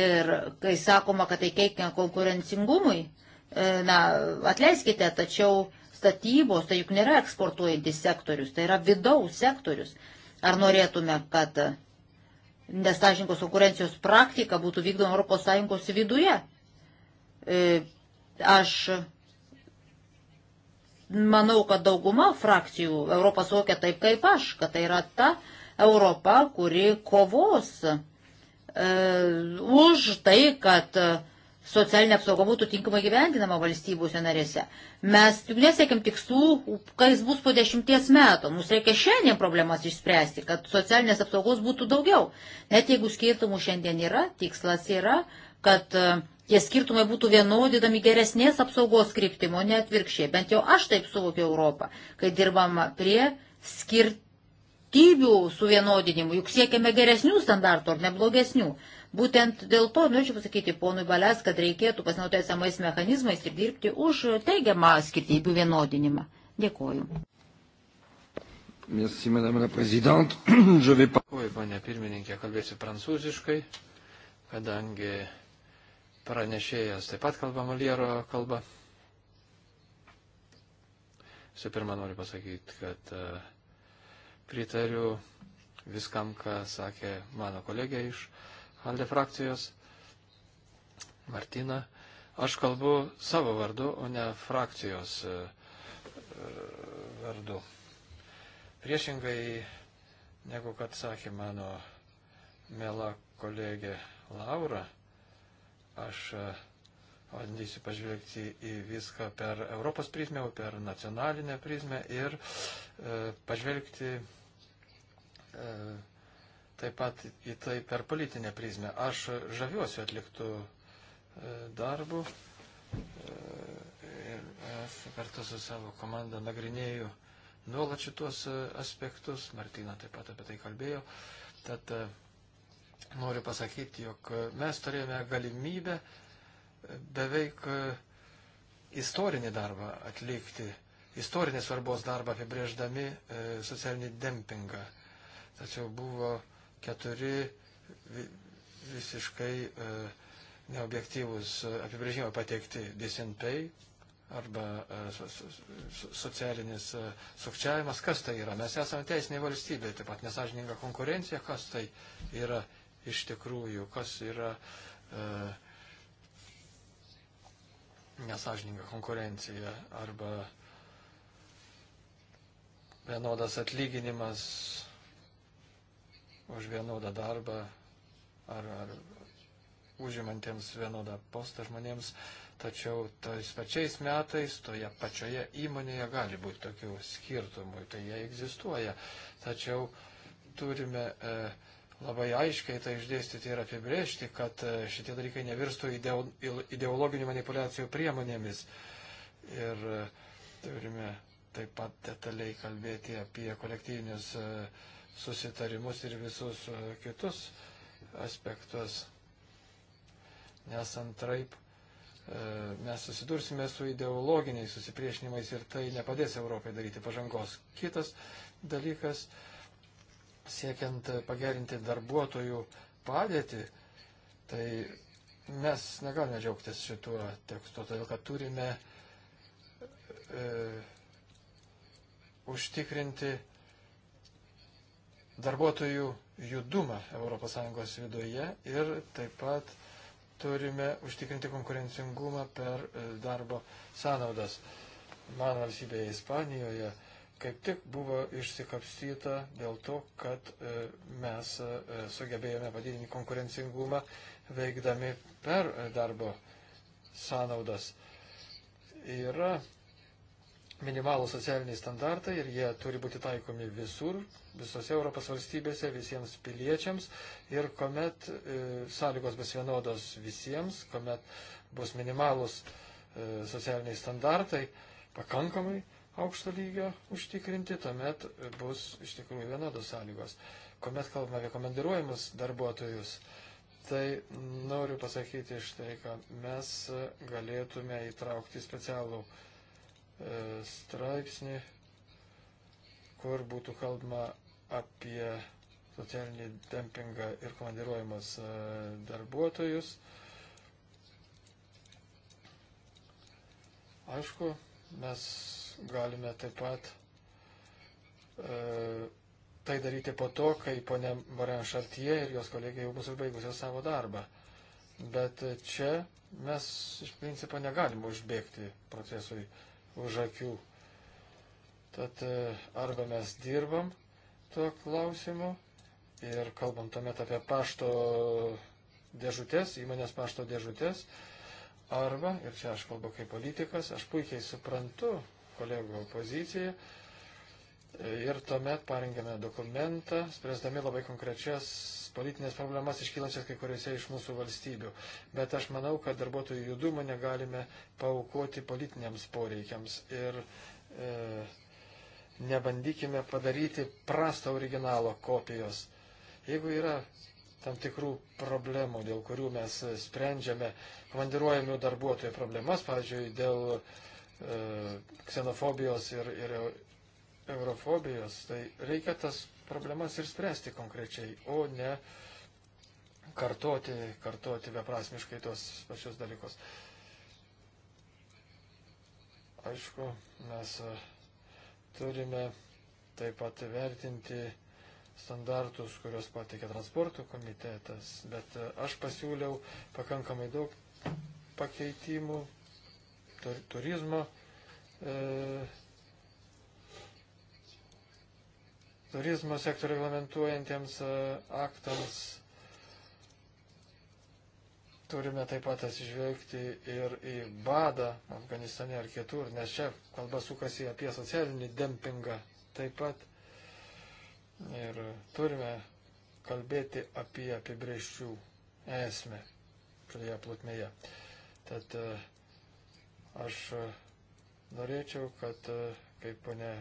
Ir kai sakoma, kad tai keikia konkurencingumui, e, na, atleiskite, tačiau statybos tai juk nėra eksportuojantis sektorius, tai yra vidaus sektorius. Ar norėtume, kad nesažinkos konkurencijos praktika būtų vykdoma ES viduje? E, aš manau, kad dauguma frakcijų Europą suokia taip kaip aš, kad tai yra ta Europa, kuri kovos e, už tai, kad e, socialinė apsauga būtų tinkamai gyvendinama valstybėse narėse. Mes juk nesiekiam tikslų, kas bus po dešimties metų. Mums reikia šiandien problemas išspręsti, kad socialinės apsaugos būtų daugiau. Net jeigu skirtumų šiandien yra, tikslas yra, kad e, tie skirtumai būtų vienodydami geresnės apsaugos kryptimo, ne atvirkščiai. Bent jau aš taip suvokiu Europą, kai dirbama prie skirtumų vertybių suvienodinimu, juk siekiame geresnių standartų ar neblogesnių. Būtent dėl to, norėčiau nu, pasakyti ponui Balės, kad reikėtų pasinaudoti esamais mechanizmais ir dirbti už teigiamą skirtybių vienodinimą. Dėkuoju. Merci, madame la présidente. Je vais pas... Oi, ponia pirmininkė, kalbėsiu prancūziškai, kadangi pranešėjas taip pat kalba Maliero kalba. Visų pirma, noriu pasakyti, kad e, pritariu viskam, ką sakė mano kolegė iš uh, Alde frakcijos, Martina. Aš kalbu savo vardu, o ne frakcijos e, e, vardu. Priešingai, negu kad sakė mano mėla kolegė Laura, aš e, bandysiu pažvelgti į viską per Europos prizmę, per nacionalinę prizmę ir e, pažvelgti e, taip pat į tai per politinę prizmę. Aš žaviuosiu atliktų e, darbų e, ir kartu su savo komanda nagrinėjau nuolat šitos e, aspektus. Martina taip pat apie tai kalbėjo. Tad noriu pasakyti, jog mes turėjome galimybę beveik istorinį darbą atlikti, istorinės svarbos darbą apibrėždami socialinį dempingą. Tačiau buvo keturi visiškai e, neobjektyvūs apibrėžimai pateikti disinpei arba e, socialinis e, sukčiavimas, kas tai yra. Mes esame teisinė valstybė, taip pat nesažininga konkurencija, kas tai yra iš tikrųjų, kas yra nesažininga konkurencija arba vienodas atlyginimas už vienodą darbą ar, ar užimantiems vienodą postą žmonėms, tačiau tais pačiais metais toje pačioje įmonėje gali būti tokių skirtumų, tai jie egzistuoja. Tačiau turime e, labai aiškiai tai išdėstyti ir apibrėžti, kad e, šitie dalykai nevirstų ideologinių manipulacijų priemonėmis. Ir e, turime taip pat detaliai kalbėti apie kolektyvinius e, susitarimus ir visus e, kitus aspektus. Nes antraip e, mes susidursime su ideologiniais susipriešinimais ir tai nepadės Europai daryti pažangos. Kitas dalykas, siekiant pagerinti darbuotojų padėtį, tai mes negalime džiaugtis šituo tekstu, todėl kad turime e, užtikrinti darbuotojų judumą ES viduje ir taip pat turime užtikrinti konkurencingumą per e, darbo sąnaudas. Mano valstybėje Ispanijoje kaip tik buvo išsikapstyta dėl to, kad e, mes e, sugebėjome padidinti konkurencingumą veikdami per darbo sąnaudas. Yra minimalų socialiniai standartai ir jie turi būti taikomi visur, visose Europos valstybėse, visiems piliečiams ir kuomet e, sąlygos bus vienodos visiems, kuomet bus minimalus e, socialiniai standartai pakankamai aukšto lygio užtikrinti, tuomet bus iš tikrųjų vienodos sąlygos. Kuomet kalbame apie komandiruojimus darbuotojus, tai noriu pasakyti iš tai, kad mes galėtume įtraukti specialų E, straipsnį, kur būtų kalbama apie socialinį dempingą ir komandiruojamas e, darbuotojus. Aišku, mes galime taip pat e, tai daryti po to, kai ponė Moren Šartie ir jos kolegė jau bus užbaigusios savo darbą. Bet čia mes iš principo negalim užbėgti procesui už akių. Tad e, arba mes dirbam tuo klausimu ir kalbam tuomet apie pašto dėžutės, įmonės pašto dėžutės, arba, ir čia aš kalbu kaip politikas, aš puikiai suprantu kolegų poziciją, e, ir tuomet parengėme dokumentą, spręsdami labai konkrečias politinės problemas iškylančias kai kuriuose iš mūsų valstybių. Bet aš manau, kad darbuotojų judumą negalime paukoti politiniams poreikiams. Ir e, nebandykime padaryti prasto originalo kopijos. Jeigu yra tam tikrų problemų, dėl kurių mes sprendžiame komandiruojamių darbuotojų problemas, pavyzdžiui, dėl e, ksenofobijos ir, ir eurofobijos, tai reikia tas problemas ir spręsti konkrečiai, o ne kartoti, kartoti beprasmiškai tos pačius dalykus. Aišku, mes e, turime taip pat vertinti standartus, kuriuos pateikė transporto komitetas, bet e, aš pasiūliau pakankamai daug pakeitimų turizmo e, turizmo sektorių reglamentuojantiems e, aktams turime taip pat atsižvelgti ir į badą Afganistane ar kitur, nes čia kalba sukasi apie socialinį dempingą. Taip pat ir turime kalbėti apie apibrėžčių esmę šioje plotmėje. Tad e, aš norėčiau, kad e, kaip ponė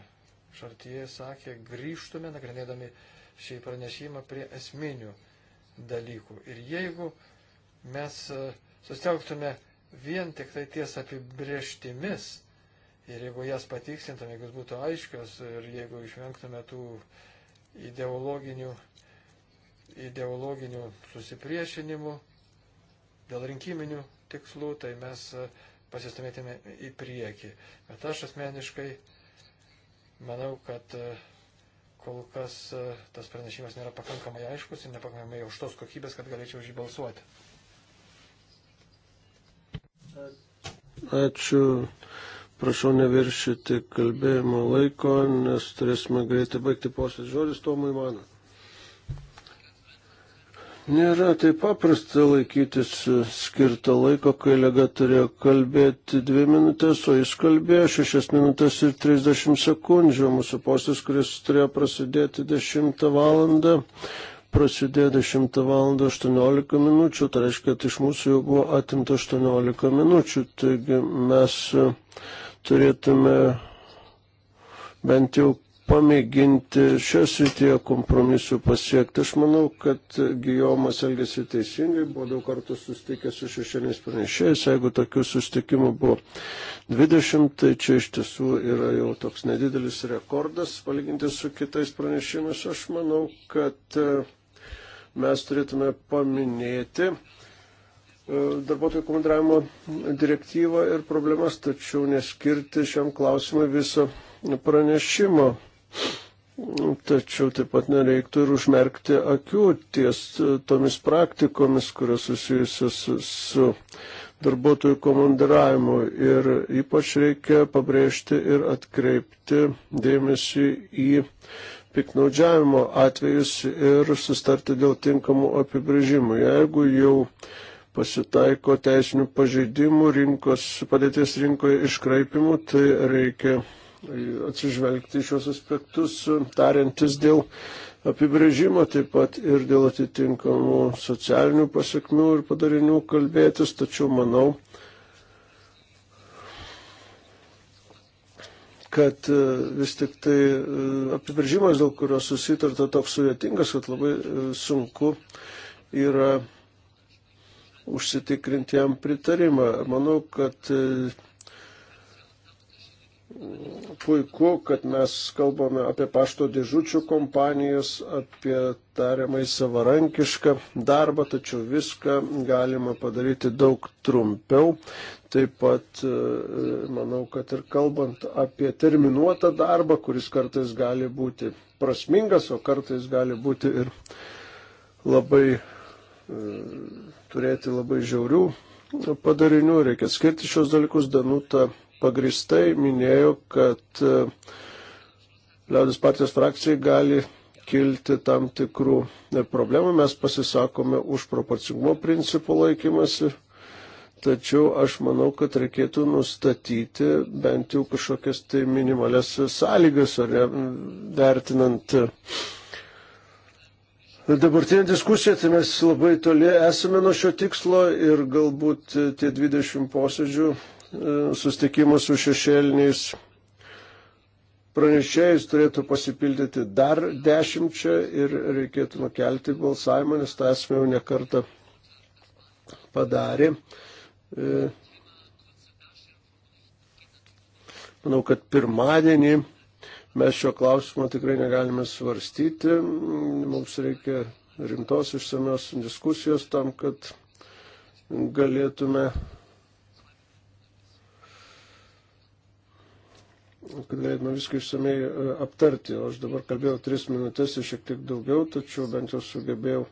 Šartie sakė, grįžtume nagrinėdami šį pranešimą prie esminių dalykų. Ir jeigu mes e, sustelktume vien tik tai ties apibrieštimis, ir jeigu jas patiksintume, jeigu būtų aiškios, ir jeigu išvengtume tų ideologinių, ideologinių susipriešinimų dėl rinkiminių tikslų, tai mes e, pasistumėtume į priekį. Bet aš asmeniškai Manau, kad e, kol kas e, tas pranešimas nėra pakankamai aiškus ir nepakankamai aukštos kokybės, kad galėčiau už jį balsuoti. Ačiū. Prašau neviršyti kalbėjimo laiko, nes turėsime greitai baigti posėdį. Žodis Tomui Manat. Nėra taip paprasta laikytis skirto laiko, kai lega turėjo kalbėti dvi minutės, o jis kalbėjo šešias minutės ir 30 sekundžių. Mūsų postas, kuris turėjo prasidėti 10 valandą, prasidėjo 10 valandą 18 minučių, tai reiškia, kad iš mūsų jau buvo atimta 18 minučių. Taigi mes turėtume bent jau pamėginti šios rytėje kompromisų pasiekti. Aš manau, kad Gijomas elgėsi teisingai, buvo daug kartų sustikęs su šešėliais pranešėjais, jeigu tokių sustikimų buvo 20, tai čia iš tiesų yra jau toks nedidelis rekordas, palyginti su kitais pranešimais. Aš manau, kad e, mes turėtume paminėti e, darbuotojų komandravimo direktyvą ir problemas, tačiau neskirti šiam klausimui viso pranešimo. Tačiau taip pat nereiktų ir užmerkti akių ties tomis praktikomis, kurios susijusios su, su darbuotojų komandiravimu. Ir ypač reikia pabrėžti ir atkreipti dėmesį į piknaudžiavimo atvejus ir sustarti dėl tinkamų apibrėžimų. Jeigu jau pasitaiko teisinių pažeidimų, rinkos, padėties rinkoje iškraipimų, tai reikia atsižvelgti šios aspektus, tariantis dėl apibrėžimo, taip pat ir dėl atitinkamų socialinių pasiekmių ir padarinių kalbėtis, tačiau manau, kad e, vis tik tai e, apibrėžimas, dėl kurio susitarta toks sudėtingas, kad labai e, sunku yra užsitikrinti jam pritarimą. Manau, kad puiku, kad mes kalbame apie pašto dėžučių kompanijas, apie tariamai savarankišką darbą, tačiau viską galima padaryti daug trumpiau. Taip pat e, manau, kad ir kalbant apie terminuotą darbą, kuris kartais gali būti prasmingas, o kartais gali būti ir labai e, turėti labai žiaurių padarinių, reikia skirti šios dalykus, Danuta pagristai minėjo, kad e, Liaudės partijos frakcijai gali kilti tam tikrų e, problemų. Mes pasisakome už proporcingumo principų laikymasi, tačiau aš manau, kad reikėtų nustatyti bent jau kažkokias tai minimales sąlygas, ar ne, vertinant e, Dabartinė diskusija, tai mes labai toli esame nuo šio tikslo ir galbūt tie 20 posėdžių sustikimas su šešėliniais pranešėjais turėtų pasipildyti dar dešimčia ir reikėtų nukelti balsavimą, nes tą esame jau nekartą padarė. E, manau, kad pirmadienį mes šio klausimo tikrai negalime svarstyti. Mums reikia rimtos išsamios diskusijos tam, kad galėtume kad galėtume viską išsamei e, aptarti. O aš dabar kalbėjau tris minutės ir šiek tiek daugiau, tačiau bent jau sugebėjau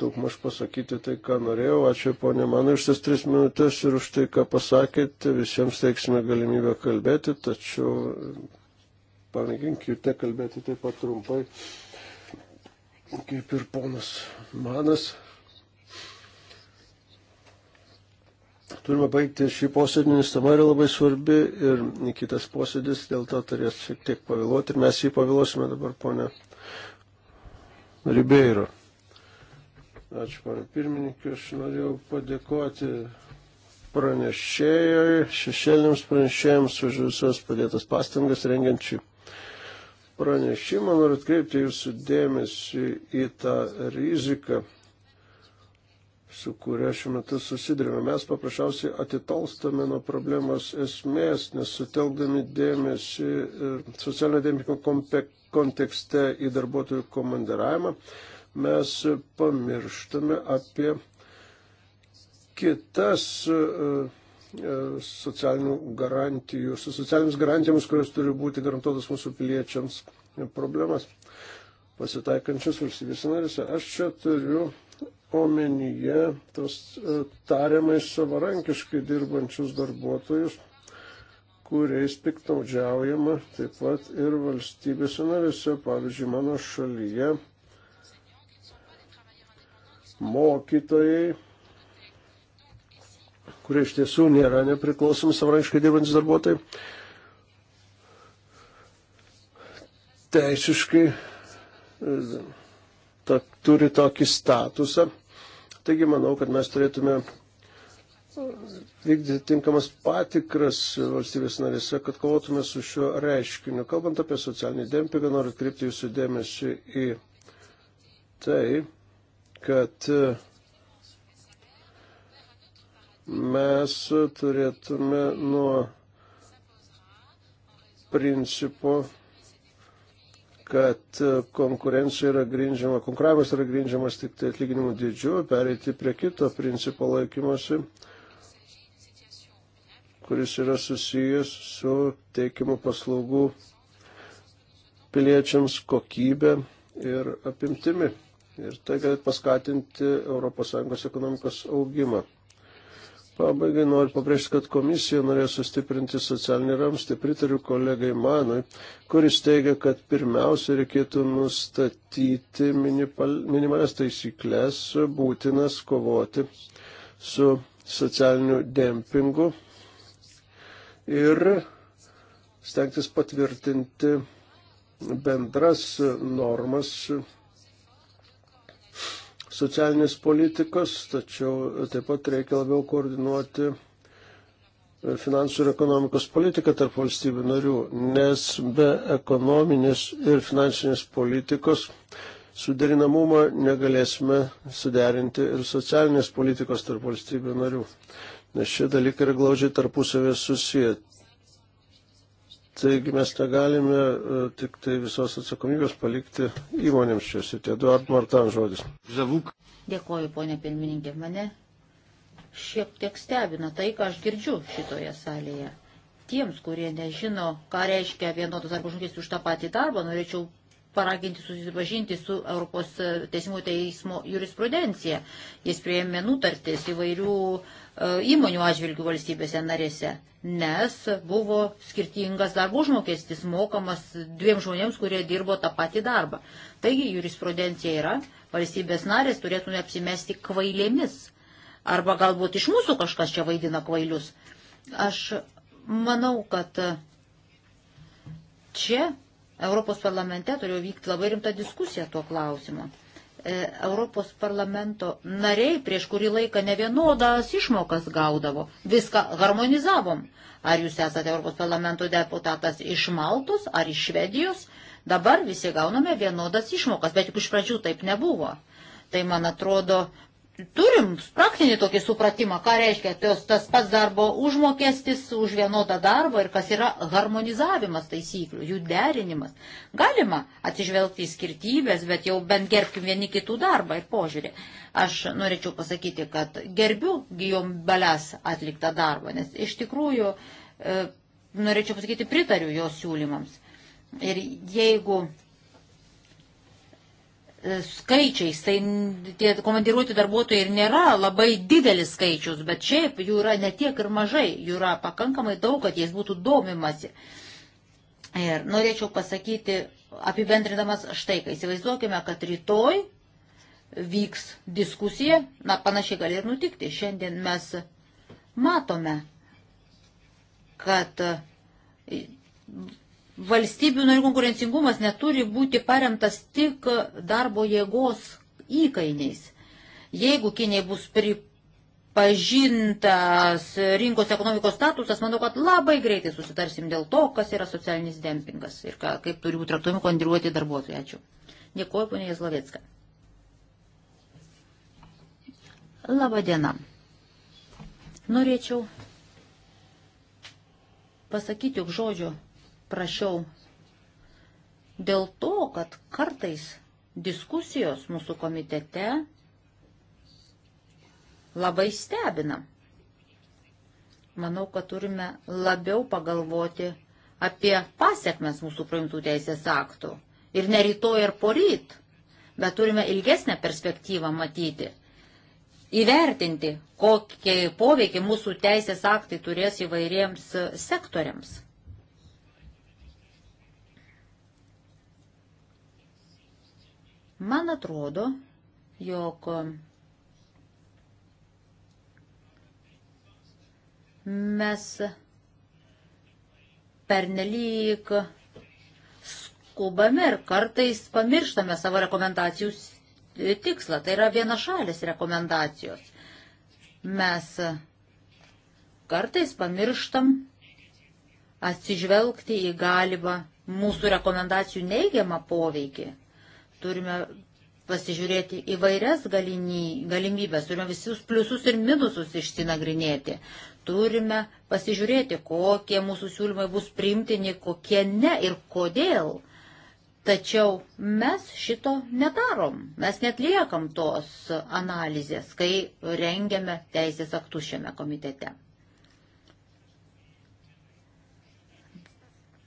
daug maž pasakyti tai, ką norėjau. Ačiū ponė mano iš tas tris minutės ir už tai, ką pasakėte. Visiems teiksime galimybę kalbėti, tačiau e, pamėginkite kalbėti taip pat trumpai, kaip ir ponas Manas. Turime baigti šį posėdį, nes tema yra labai svarbi ir kitas posėdis dėl to turės šiek tiek pavėluoti ir mes jį pavėluosime dabar, ponė Ribeiro. Ačiū, ponė pirmininkė, aš norėjau padėkoti pranešėjai, šešėlėms pranešėjams už visas padėtas pastangas rengiančių pranešimą. Noriu atkreipti jūsų dėmesį į tą riziką su kuria šiuo metu susidurime. Mes paprasčiausiai atitolstame nuo problemos esmės, nes sutelkdami dėmesį e, socialinio dėmesio kontekste į darbuotojų komandiravimą, mes pamirštame apie kitas e, e, socialinių garantijų, su socialinėmis garantijomis, kurios turi būti garantuotas mūsų piliečiams problemas pasitaikančias valstybės narėse. Aš čia turiu omenyje tas e, tariamai savarankiškai dirbančius darbuotojus, kuriais piknaudžiaujama taip pat ir valstybėse narėse, pavyzdžiui, mano šalyje mokytojai, kurie iš tiesų nėra nepriklausomi savarankiškai dirbantis darbuotojai, teisiškai e, ta, turi tokį statusą, Taigi manau, kad mes turėtume vykdyti tinkamas patikras valstybės narėse, kad kovotume su šiuo reiškiniu. Kalbant apie socialinį dempingą, noriu atkreipti jūsų dėmesį į tai, kad mes turėtume nuo principo kad konkurencija yra grindžiama, konkuravimas yra grindžiamas tik tai atlyginimų dydžiu, pereiti prie kito principo laikymosi, kuris yra susijęs su teikimu paslaugų piliečiams kokybė ir apimtimi. Ir tai galėtų paskatinti ES ekonomikos augimą. Pabaigai noriu pabrėžti, kad komisija norėjo sustiprinti socialinį ramstį. Pritariu kolegai Manui, kuris teigia, kad pirmiausia reikėtų nustatyti minimalias taisyklės būtinas kovoti su socialiniu dempingu ir stengtis patvirtinti bendras normas socialinės politikos, tačiau taip pat reikia labiau koordinuoti finansų ir ekonomikos politiką tarp valstybių narių, nes be ekonominės ir finansinės politikos suderinamumą negalėsime suderinti ir socialinės politikos tarp valstybių narių, nes šie dalykai yra glaudžiai tarpusavės susiję. Taigi mes negalime e, tik tai visos atsakomybės palikti įmonėms čia sitie. Eduard Martan žodis. Zavuk. Dėkoju, ponė pirmininkė. Mane šiek tiek stebina tai, ką aš girdžiu šitoje salėje. Tiems, kurie nežino, ką reiškia vienodas darbo užmokestis už tą patį darbą, norėčiau paraginti susipažinti su Europos teisimų teismo jurisprudencija. Jis prieėmė nutartis įvairių e, įmonių atžvilgių valstybėse narėse, nes buvo skirtingas darbo užmokestis mokamas dviem žmonėms, kurie dirbo tą patį darbą. Taigi jurisprudencija yra, valstybės narės turėtume apsimesti kvailėmis. Arba galbūt iš mūsų kažkas čia vaidina kvailius. Aš manau, kad čia Europos parlamente turėjo vykti labai rimta diskusija tuo klausimu. E, Europos parlamento nariai prieš kurį laiką ne vienodas išmokas gaudavo. Viską harmonizavom. Ar jūs esate Europos parlamento deputatas iš Maltos ar iš Švedijos, dabar visi gauname vienodas išmokas, bet juk iš pradžių taip nebuvo. Tai man atrodo turim praktinį tokį supratimą, ką reiškia tos, tas pats darbo užmokestis už vienodą darbą ir kas yra harmonizavimas taisyklių, jų derinimas. Galima atsižvelgti į skirtybės, bet jau bent gerbkim vieni kitų darbą ir požiūrį. Aš norėčiau pasakyti, kad gerbiu Gijom Belės atliktą darbą, nes iš tikrųjų, e, norėčiau pasakyti, pritariu jos siūlymams. Ir jeigu skaičiais, tai tie komandiruoti darbuotojai ir nėra labai didelis skaičius, bet šiaip jų yra netiek ir mažai, jų yra pakankamai daug, kad jais būtų domimasi. Ir norėčiau pasakyti, apibendrinamas štai, kai įsivaizduokime, kad rytoj vyks diskusija, na panašiai gali ir nutikti. Šiandien mes matome, kad valstybių narių konkurencingumas neturi būti paremtas tik darbo jėgos įkainiais. Jeigu Kinė bus pripažintas rinkos ekonomikos statusas, manau, kad labai greitai susitarsim dėl to, kas yra socialinis dempingas ir ką, kaip turi būti traktuojami kondiruoti darbuotojai. Ačiū. Dėkuoju, ponė Jaslovėcka. Labadiena. Norėčiau pasakyti, jog žodžio prašiau dėl to, kad kartais diskusijos mūsų komitete labai stebina. Manau, kad turime labiau pagalvoti apie pasiekmes mūsų praimtų teisės aktų. Ir ne rytoj ir poryt, bet turime ilgesnę perspektyvą matyti. Įvertinti, kokie poveikiai mūsų teisės aktai turės įvairiems sektoriams. Man atrodo, jog mes pernelyg skubame ir kartais pamirštame savo rekomendacijų tikslą. Tai yra vienašalės rekomendacijos. Mes kartais pamirštam atsižvelgti į galimą mūsų rekomendacijų neigiamą poveikį turime pasižiūrėti įvairias galimybės, turime visus pliusus ir minusus išsinagrinėti. Turime pasižiūrėti, kokie mūsų siūlymai bus priimtini, kokie ne ir kodėl. Tačiau mes šito nedarom, mes netliekam tos analizės, kai rengiame teisės aktus šiame komitete.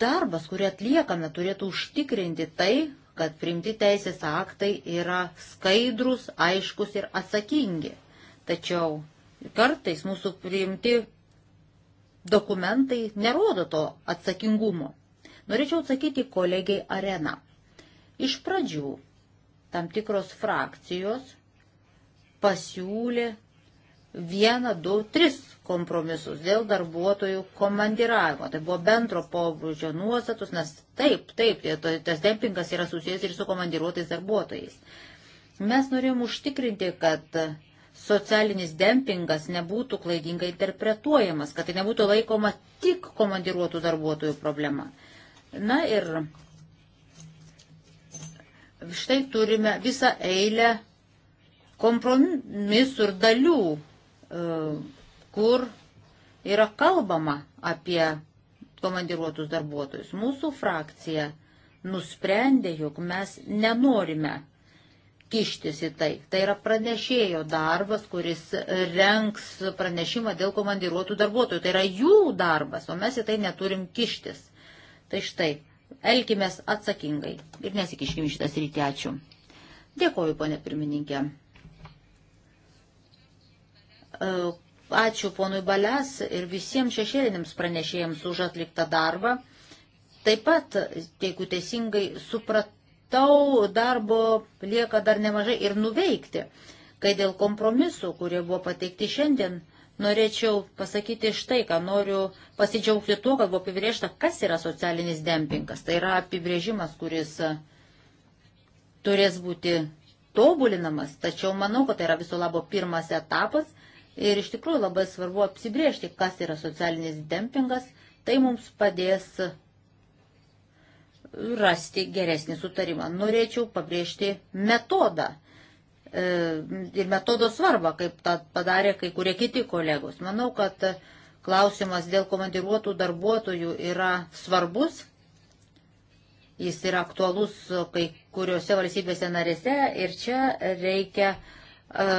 Darbas, kurį atliekame, turėtų užtikrinti tai, kad primti teisės aktai yra skaidrus, aiškus ir atsakingi. Tačiau kartais mūsų priimti dokumentai nerodo to atsakingumo. Norėčiau atsakyti kolegiai Arena. Iš pradžių tam tikros frakcijos pasiūlė vieną, du, tris kompromisus dėl darbuotojų komandiravimo. Tai buvo bendro pobūdžio nuostatus, nes taip, taip, tai, tai, tas dempingas yra susijęs ir su komandiruotais darbuotojais. Mes norėjom užtikrinti, kad socialinis dempingas nebūtų klaidingai interpretuojamas, kad tai nebūtų laikoma tik komandiruotų darbuotojų problema. Na ir štai turime visą eilę kompromisų ir dalių e, kur yra kalbama apie komandiruotus darbuotojus. Mūsų frakcija nusprendė, jog mes nenorime kištis į tai. Tai yra pranešėjo darbas, kuris renks pranešimą dėl komandiruotų darbuotojų. Tai yra jų darbas, o mes į tai neturim kištis. Tai štai, elkimės atsakingai ir nesikiškim šitas rytį. Ačiū. Dėkoju, ponė pirmininkė. E, Ačiū ponui Bales ir visiems šešėlinėms pranešėjams už atliktą darbą. Taip pat, jeigu teisingai supratau, darbo lieka dar nemažai ir nuveikti. Kai dėl kompromisų, kurie buvo pateikti šiandien, norėčiau pasakyti štai, ką noriu pasidžiaugti tuo, kad buvo apibriežta, kas yra socialinis dempingas. Tai yra apibrėžimas, kuris turės būti tobulinamas, tačiau manau, kad tai yra viso labo pirmas etapas Ir iš tikrųjų labai svarbu apsibriežti, kas yra socialinis dempingas, tai mums padės rasti geresnį sutarimą. Norėčiau pabrėžti metodą e, ir metodo svarbą, kaip tą padarė kai kurie kiti kolegos. Manau, kad klausimas dėl komandiruotų darbuotojų yra svarbus. Jis yra aktualus kai kuriuose valstybėse narėse ir čia reikia uh, E,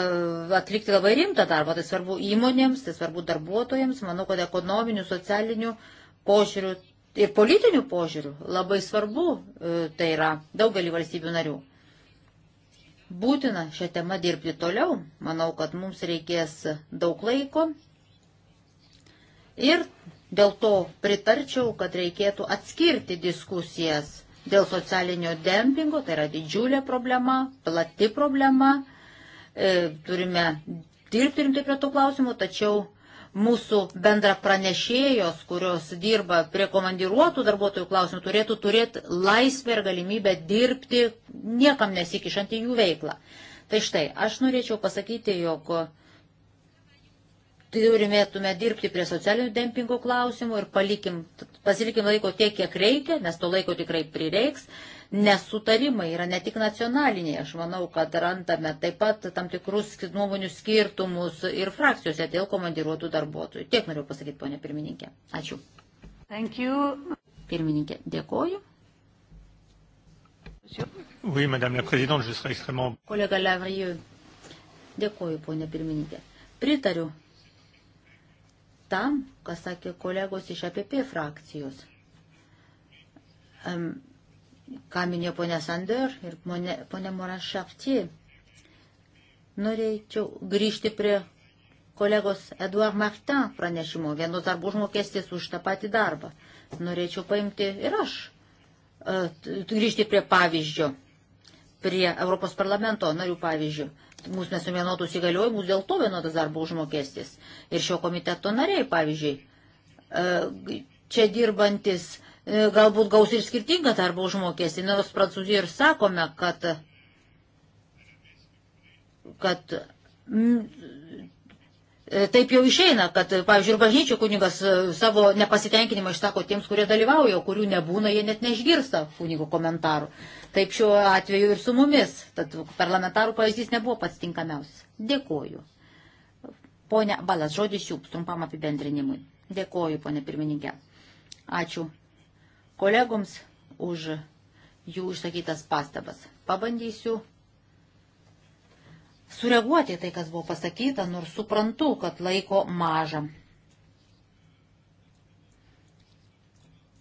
atlikti labai rimtą darbą. Tai svarbu įmonėms, tai svarbu darbuotojams. Manau, kad ekonominių, socialinių požiūrių ir politinių požiūrių labai svarbu e, tai yra daugelį valstybių narių. Būtina šią temą dirbti toliau. Manau, kad mums reikės daug laiko. Ir dėl to pritarčiau, kad reikėtų atskirti diskusijas dėl socialinio dempingo. Tai yra didžiulė problema, plati problema E, turime dirbti rimtai prie tų klausimų, tačiau mūsų bendra pranešėjos, kurios dirba prie komandiruotų darbuotojų klausimų, turėtų turėti laisvę ir galimybę dirbti niekam nesikišant į jų veiklą. Tai štai, aš norėčiau pasakyti, jog turimėtume dirbti prie socialinių dempingo klausimų ir palikim, pasilikim laiko tiek, kiek reikia, nes to laiko tikrai prireiks nesutarimai yra ne tik nacionaliniai. Aš manau, kad randame taip pat tam tikrus nuomonių skirtumus ir frakcijose dėl komandiruotų darbuotojų. Tiek noriu pasakyti, ponė pirmininkė. Ačiū. Thank you. Pirmininkė, dėkoju. Oui, madame la présidente, je serai extrêmement. Kolega Lavrijų, dėkoju, ponė pirmininkė. Pritariu tam, ką sakė kolegos iš APP frakcijos. Um, ką minėjo ponė Sander ir ponė Moran Šafti. Norėčiau grįžti prie kolegos Eduard Martin pranešimo, vieno darbo užmokestis už tą patį darbą. Norėčiau paimti ir aš, e, grįžti prie pavyzdžio, prie Europos parlamento narių pavyzdžio. Mūsų nesuvienodus įgaliojimus dėl to vienodas darbo užmokestis. Ir šio komiteto nariai, pavyzdžiui, e, čia dirbantis E, galbūt gaus ir skirtingą darbo užmokestį, nors Prancūzijoje ir sakome, kad, kad m, mm, e, taip jau išeina, kad, pavyzdžiui, ir bažnyčių kunigas e, savo nepasitenkinimą išsako tiems, kurie dalyvauja, kurių nebūna, jie net neišgirsta kunigo komentarų. Taip šiuo atveju ir su mumis. Tad parlamentarų pavyzdys nebuvo pats tinkamiausias. Dėkoju. Pone Balas, žodis jums trumpam apibendrinimui. Dėkoju, pone pirmininkė. Ačiū kolegoms už jų išsakytas pastabas. Pabandysiu sureaguoti tai, kas buvo pasakyta, nors suprantu, kad laiko maža.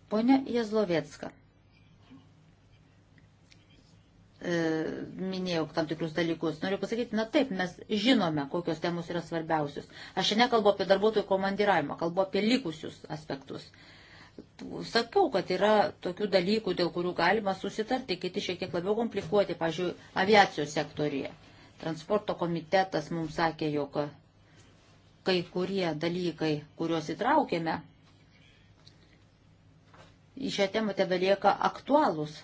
Pone Jezlovetska e, minėjau tam tikrus dalykus. Noriu pasakyti, na taip, mes žinome, kokios temos yra svarbiausios. Aš čia nekalbu apie darbuotojų komandiravimą, kalbu apie likusius aspektus. Uh, Sakiau, kad yra tokių dalykų, dėl kurių galima susitarti, kiti šiek tiek labiau komplikuoti, pažiūrėjau, aviacijos sektorija. Transporto komitetas mums sakė, jog kai kurie dalykai, kuriuos įtraukėme, į šią temą tebelieka aktualūs.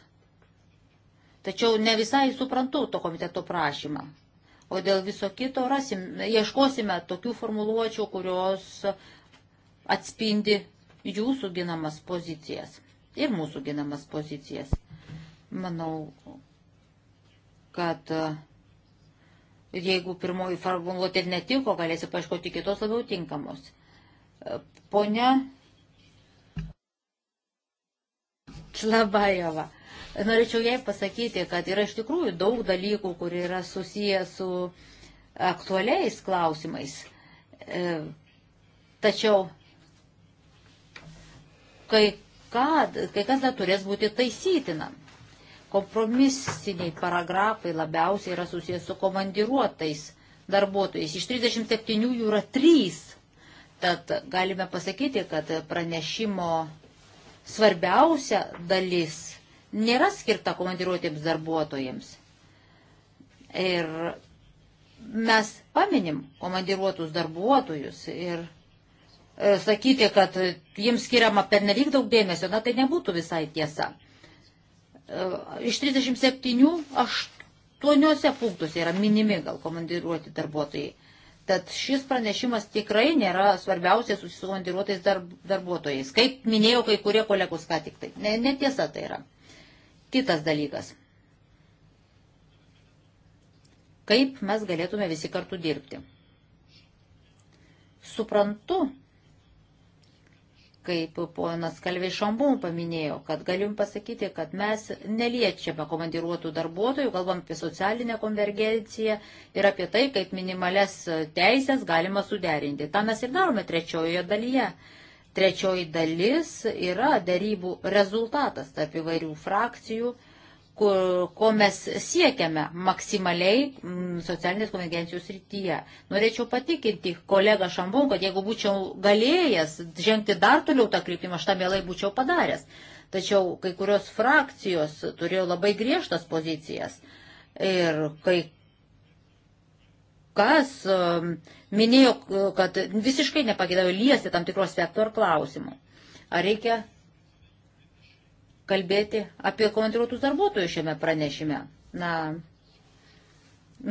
Tačiau ne visai suprantu to komiteto prašymą. O dėl viso kito rasim, ieškosime tokių formuluočių, kurios atspindi jūsų ginamas pozicijas ir mūsų ginamas pozicijas. Manau, kad e, jeigu pirmoji formuluotė netiko, galėsi paieškoti kitos labiau tinkamos. E, Pone Člabajova, norėčiau jai pasakyti, kad yra iš tikrųjų daug dalykų, kur yra susiję su aktualiais klausimais. E, tačiau kai, kad, kai kas dar turės būti taisytina. Kompromisiniai paragrafai labiausiai yra susijęs su komandiruotais darbuotojais. Iš 37 jų yra 3. Tad galime pasakyti, kad pranešimo svarbiausia dalis nėra skirta komandiruotėms darbuotojams. Ir mes paminim komandiruotus darbuotojus ir E, sakyti, kad jiems skiriama pernelyg daug dėmesio, na tai nebūtų visai tiesa. E, iš 37 aštuoniuose punktuose yra minimi gal komandiruoti darbuotojai. Tad šis pranešimas tikrai nėra svarbiausias susikomandiruotais darb, darbuotojais. Kaip minėjau, kai kurie kolegos ką tik tai. Ne, netiesa tai yra. Kitas dalykas. Kaip mes galėtume visi kartu dirbti? Suprantu, kaip ponas Kalviai Šambum paminėjo, kad galim pasakyti, kad mes neliečiame komandiruotų darbuotojų, kalbam apie socialinę konvergenciją ir apie tai, kaip minimales teisės galima suderinti. Ta mes ir darome trečiojoje dalyje. Trečioji dalis yra darybų rezultatas tarp įvairių frakcijų ko mes siekiame maksimaliai mm, socialinės konvergencijos rytyje. Norėčiau patikinti kolegą Šambon, kad jeigu būčiau galėjęs žengti dar toliau tą kryptimą, aš tą mielai būčiau padaręs. Tačiau kai kurios frakcijos turėjo labai griežtas pozicijas ir kai kas um, minėjo, kad visiškai nepagėdavo liesti tam tikros sektor klausimų. Ar reikia kalbėti apie komandiruotus darbuotojus šiame pranešime. Na,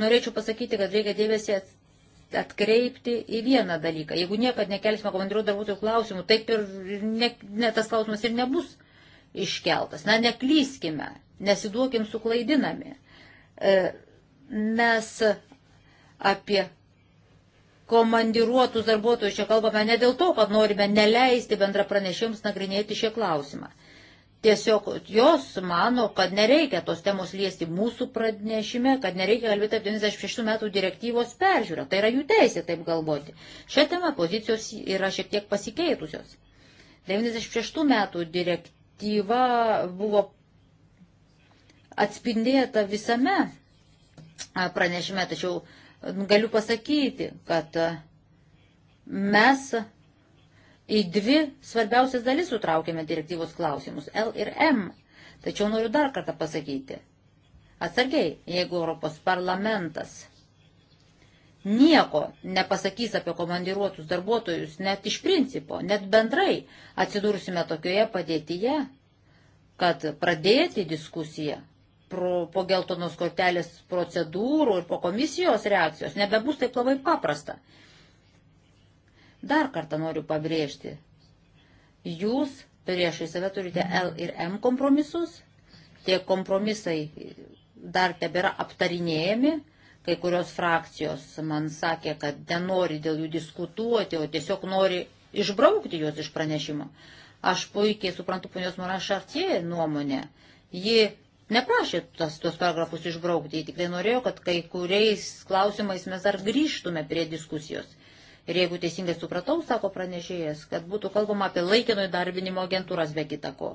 norėčiau pasakyti, kad reikia dėmesį atkreipti į vieną dalyką. Jeigu niekad nekelsime komandiruotų darbuotojų klausimų, taip ir ne, ne, tas klausimas ir nebus iškeltas. Na, neklyskime, nesiduokim suklaidinami. E, mes apie komandiruotus darbuotojus čia kalbame ne dėl to, kad norime neleisti bendra pranešėjams nagrinėti šį klausimą. Tiesiog jos mano, kad nereikia tos temos liesti mūsų pranešime, kad nereikia kalbėti apie 96 metų direktyvos peržiūrą. Tai yra jų teisė taip galvoti. Šią temą pozicijos yra šiek tiek pasikeitusios. 96 metų direktyva buvo atspindėta visame pranešime, tačiau galiu pasakyti, kad mes Į dvi svarbiausias dalis sutraukėme direktyvos klausimus L ir M. Tačiau noriu dar kartą pasakyti. Atsargiai, jeigu Europos parlamentas nieko nepasakys apie komandiruotus darbuotojus, net iš principo, net bendrai atsidursime tokioje padėtyje, kad pradėti diskusiją pro, po geltonos kortelės procedūrų ir po komisijos reakcijos nebebus taip labai paprasta. Dar kartą noriu pabrėžti, jūs priešai save turite L ir M kompromisus, tie kompromisai dar tebėra aptarinėjami, kai kurios frakcijos man sakė, kad nenori dėl jų diskutuoti, o tiesiog nori išbraukti juos iš pranešimo. Aš puikiai suprantu ponios Morašartie nuomonę. Ji neprašė tas, tos paragrafus išbraukti, ji tik tai norėjo, kad kai kuriais klausimais mes dar grįžtume prie diskusijos. Ir jeigu teisingai supratau, sako pranešėjas, kad būtų kalbama apie laikino įdarbinimo agentūras be kitako.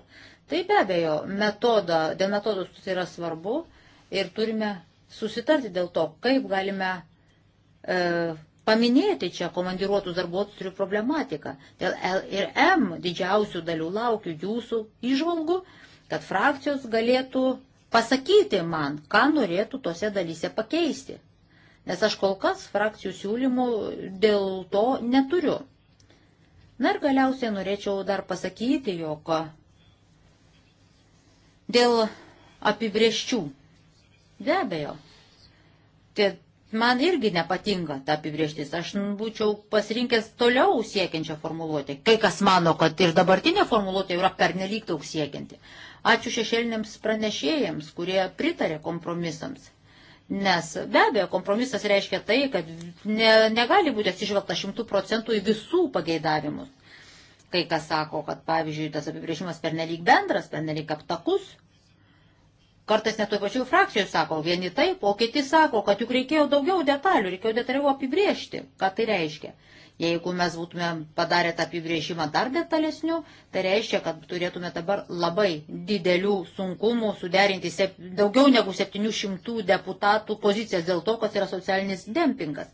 Tai be abejo, metoda, dėl metodus tai yra svarbu ir turime susitarti dėl to, kaip galime e, paminėti čia komandiruotus darbuotojų problematiką. Dėl L ir M didžiausių dalių laukiu jūsų išvalgų, kad frakcijos galėtų pasakyti man, ką norėtų tose dalyse pakeisti nes aš kol kas frakcijų siūlymų dėl to neturiu. Na ir galiausiai norėčiau dar pasakyti, jog dėl apibrieščių. Be abejo, tie man irgi nepatinka ta apibrieštis. Aš būčiau pasirinkęs toliau siekiančią formuluotę. Kai kas mano, kad ir dabartinė formuluotė yra pernelyg daug siekianti. Ačiū šešėlinėms pranešėjams, kurie pritarė kompromisams. Nes be abejo, kompromisas reiškia tai, kad ne, negali būti atsižvelgta šimtų procentų į visų pageidavimus. Kai kas sako, kad pavyzdžiui, tas apibrėžimas pernelyg bendras, pernelyg aptakus. Kartais net to pačių frakcijų sako, vieni taip, o kiti sako, kad juk reikėjo daugiau detalių, reikėjo detaliau apibriežti, ką tai reiškia. Jeigu mes būtume padarę tą apibrėžimą dar detalesniu, tai reiškia, kad turėtume dabar labai didelių sunkumų suderinti sep, daugiau negu 700 deputatų pozicijas dėl to, kas yra socialinis dempingas.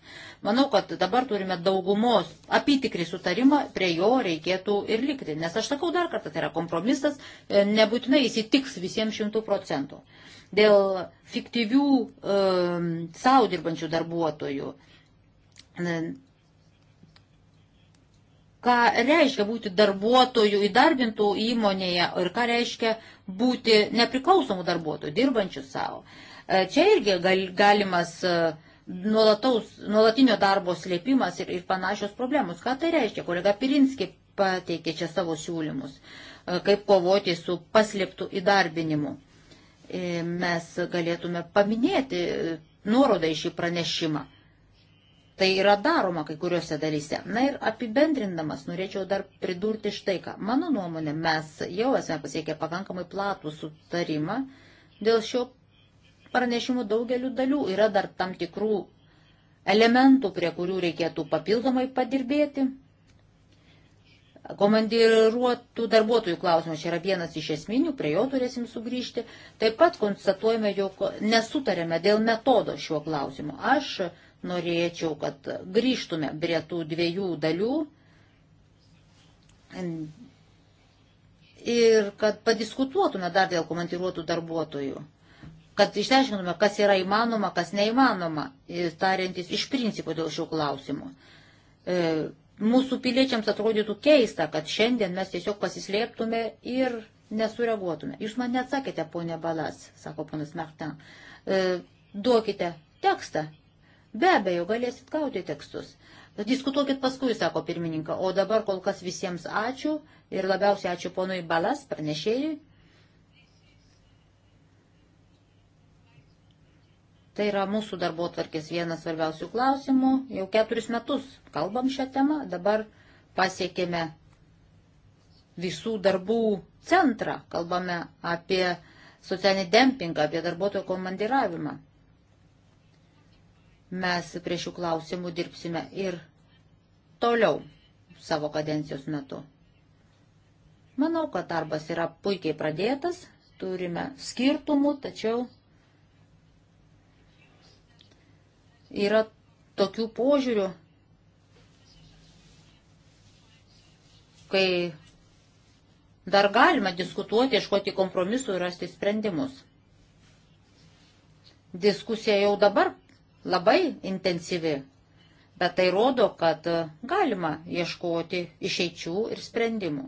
Manau, kad dabar turime daugumos apitikrį sutarimą, prie jo reikėtų ir likti. Nes aš sakau dar kartą, tai yra kompromisas, e, nebūtinai įsitiks visiems 100 procentų. Dėl fiktyvių e, savo dirbančių darbuotojų ką reiškia būti darbuotojų įdarbintų įmonėje ir ką reiškia būti nepriklausomų darbuotojų, dirbančių savo. E, čia irgi gal, galimas e, nuolataus, nuolatinio darbo slėpimas ir, ir panašios problemos. Ką tai reiškia? Kolega Pirinski pateikė čia savo siūlymus, e, kaip kovoti su paslėptų įdarbinimu. Mes galėtume paminėti nuorodą į šį pranešimą. Tai yra daroma kai kuriuose dalyse. Na ir apibendrindamas norėčiau dar pridurti štai ką. Mano nuomonė, mes jau esame pasiekę pakankamai platų sutarimą dėl šio pranešimo daugeliu dalių. Yra dar tam tikrų elementų, prie kurių reikėtų papildomai padirbėti. Komandiruotų darbuotojų klausimas čia yra vienas iš esminių, prie jo turėsim sugrįžti. Taip pat konstatuojame, jog nesutarėme dėl metodo šiuo klausimu. Aš norėčiau, kad grįžtume prie tų dviejų dalių ir kad padiskutuotume dar dėl komandiruotų darbuotojų, kad išteiškintume, kas yra įmanoma, kas neįmanoma, tariantis iš principo dėl šių klausimų. E, mūsų piliečiams atrodytų keista, kad šiandien mes tiesiog pasislėptume ir nesureaguotume. Jūs man neatsakėte, ponė Balas, sako ponas Mechtan. E, duokite tekstą Be abejo, galėsit gauti tekstus. Diskutuokit paskui, sako pirmininkas. O dabar kol kas visiems ačiū ir labiausiai ačiū ponui Balas, pranešėjui. Tai yra mūsų darbo tvarkės vienas svarbiausių klausimų. Jau keturis metus kalbam šią temą, dabar pasiekėme visų darbų centrą, kalbame apie socialinį dempingą, apie darbuotojų komandiravimą. Mes prie šių klausimų dirbsime ir toliau savo kadencijos metu. Manau, kad darbas yra puikiai pradėtas, turime skirtumų, tačiau yra tokių požiūrių, kai dar galima diskutuoti, iškoti kompromisų ir rasti sprendimus. Diskusija jau dabar labai intensyvi, bet tai rodo, kad galima ieškoti išeičių ir sprendimų.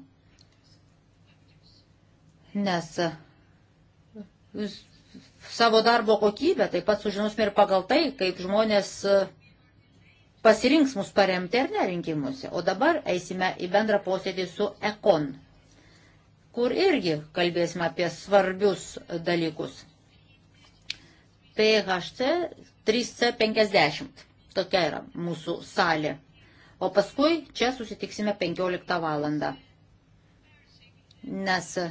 Nes savo darbo kokybę taip pat sužinosime ir pagal tai, kaip žmonės pasirinks mus paremti ar nerinkimuose. O dabar eisime į bendrą posėdį su Ekon, kur irgi kalbėsime apie svarbius dalykus. PHC 3C50. Tokia yra mūsų salė. O paskui čia susitiksime 15 valandą. Nes e,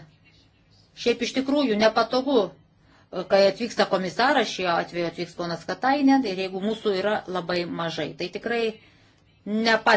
šiaip iš tikrųjų nepatogu, e, kai atvyksta komisaras, šiuo atveju atvyks ponas Katainė, ir jeigu mūsų yra labai mažai, tai tikrai nepatogu.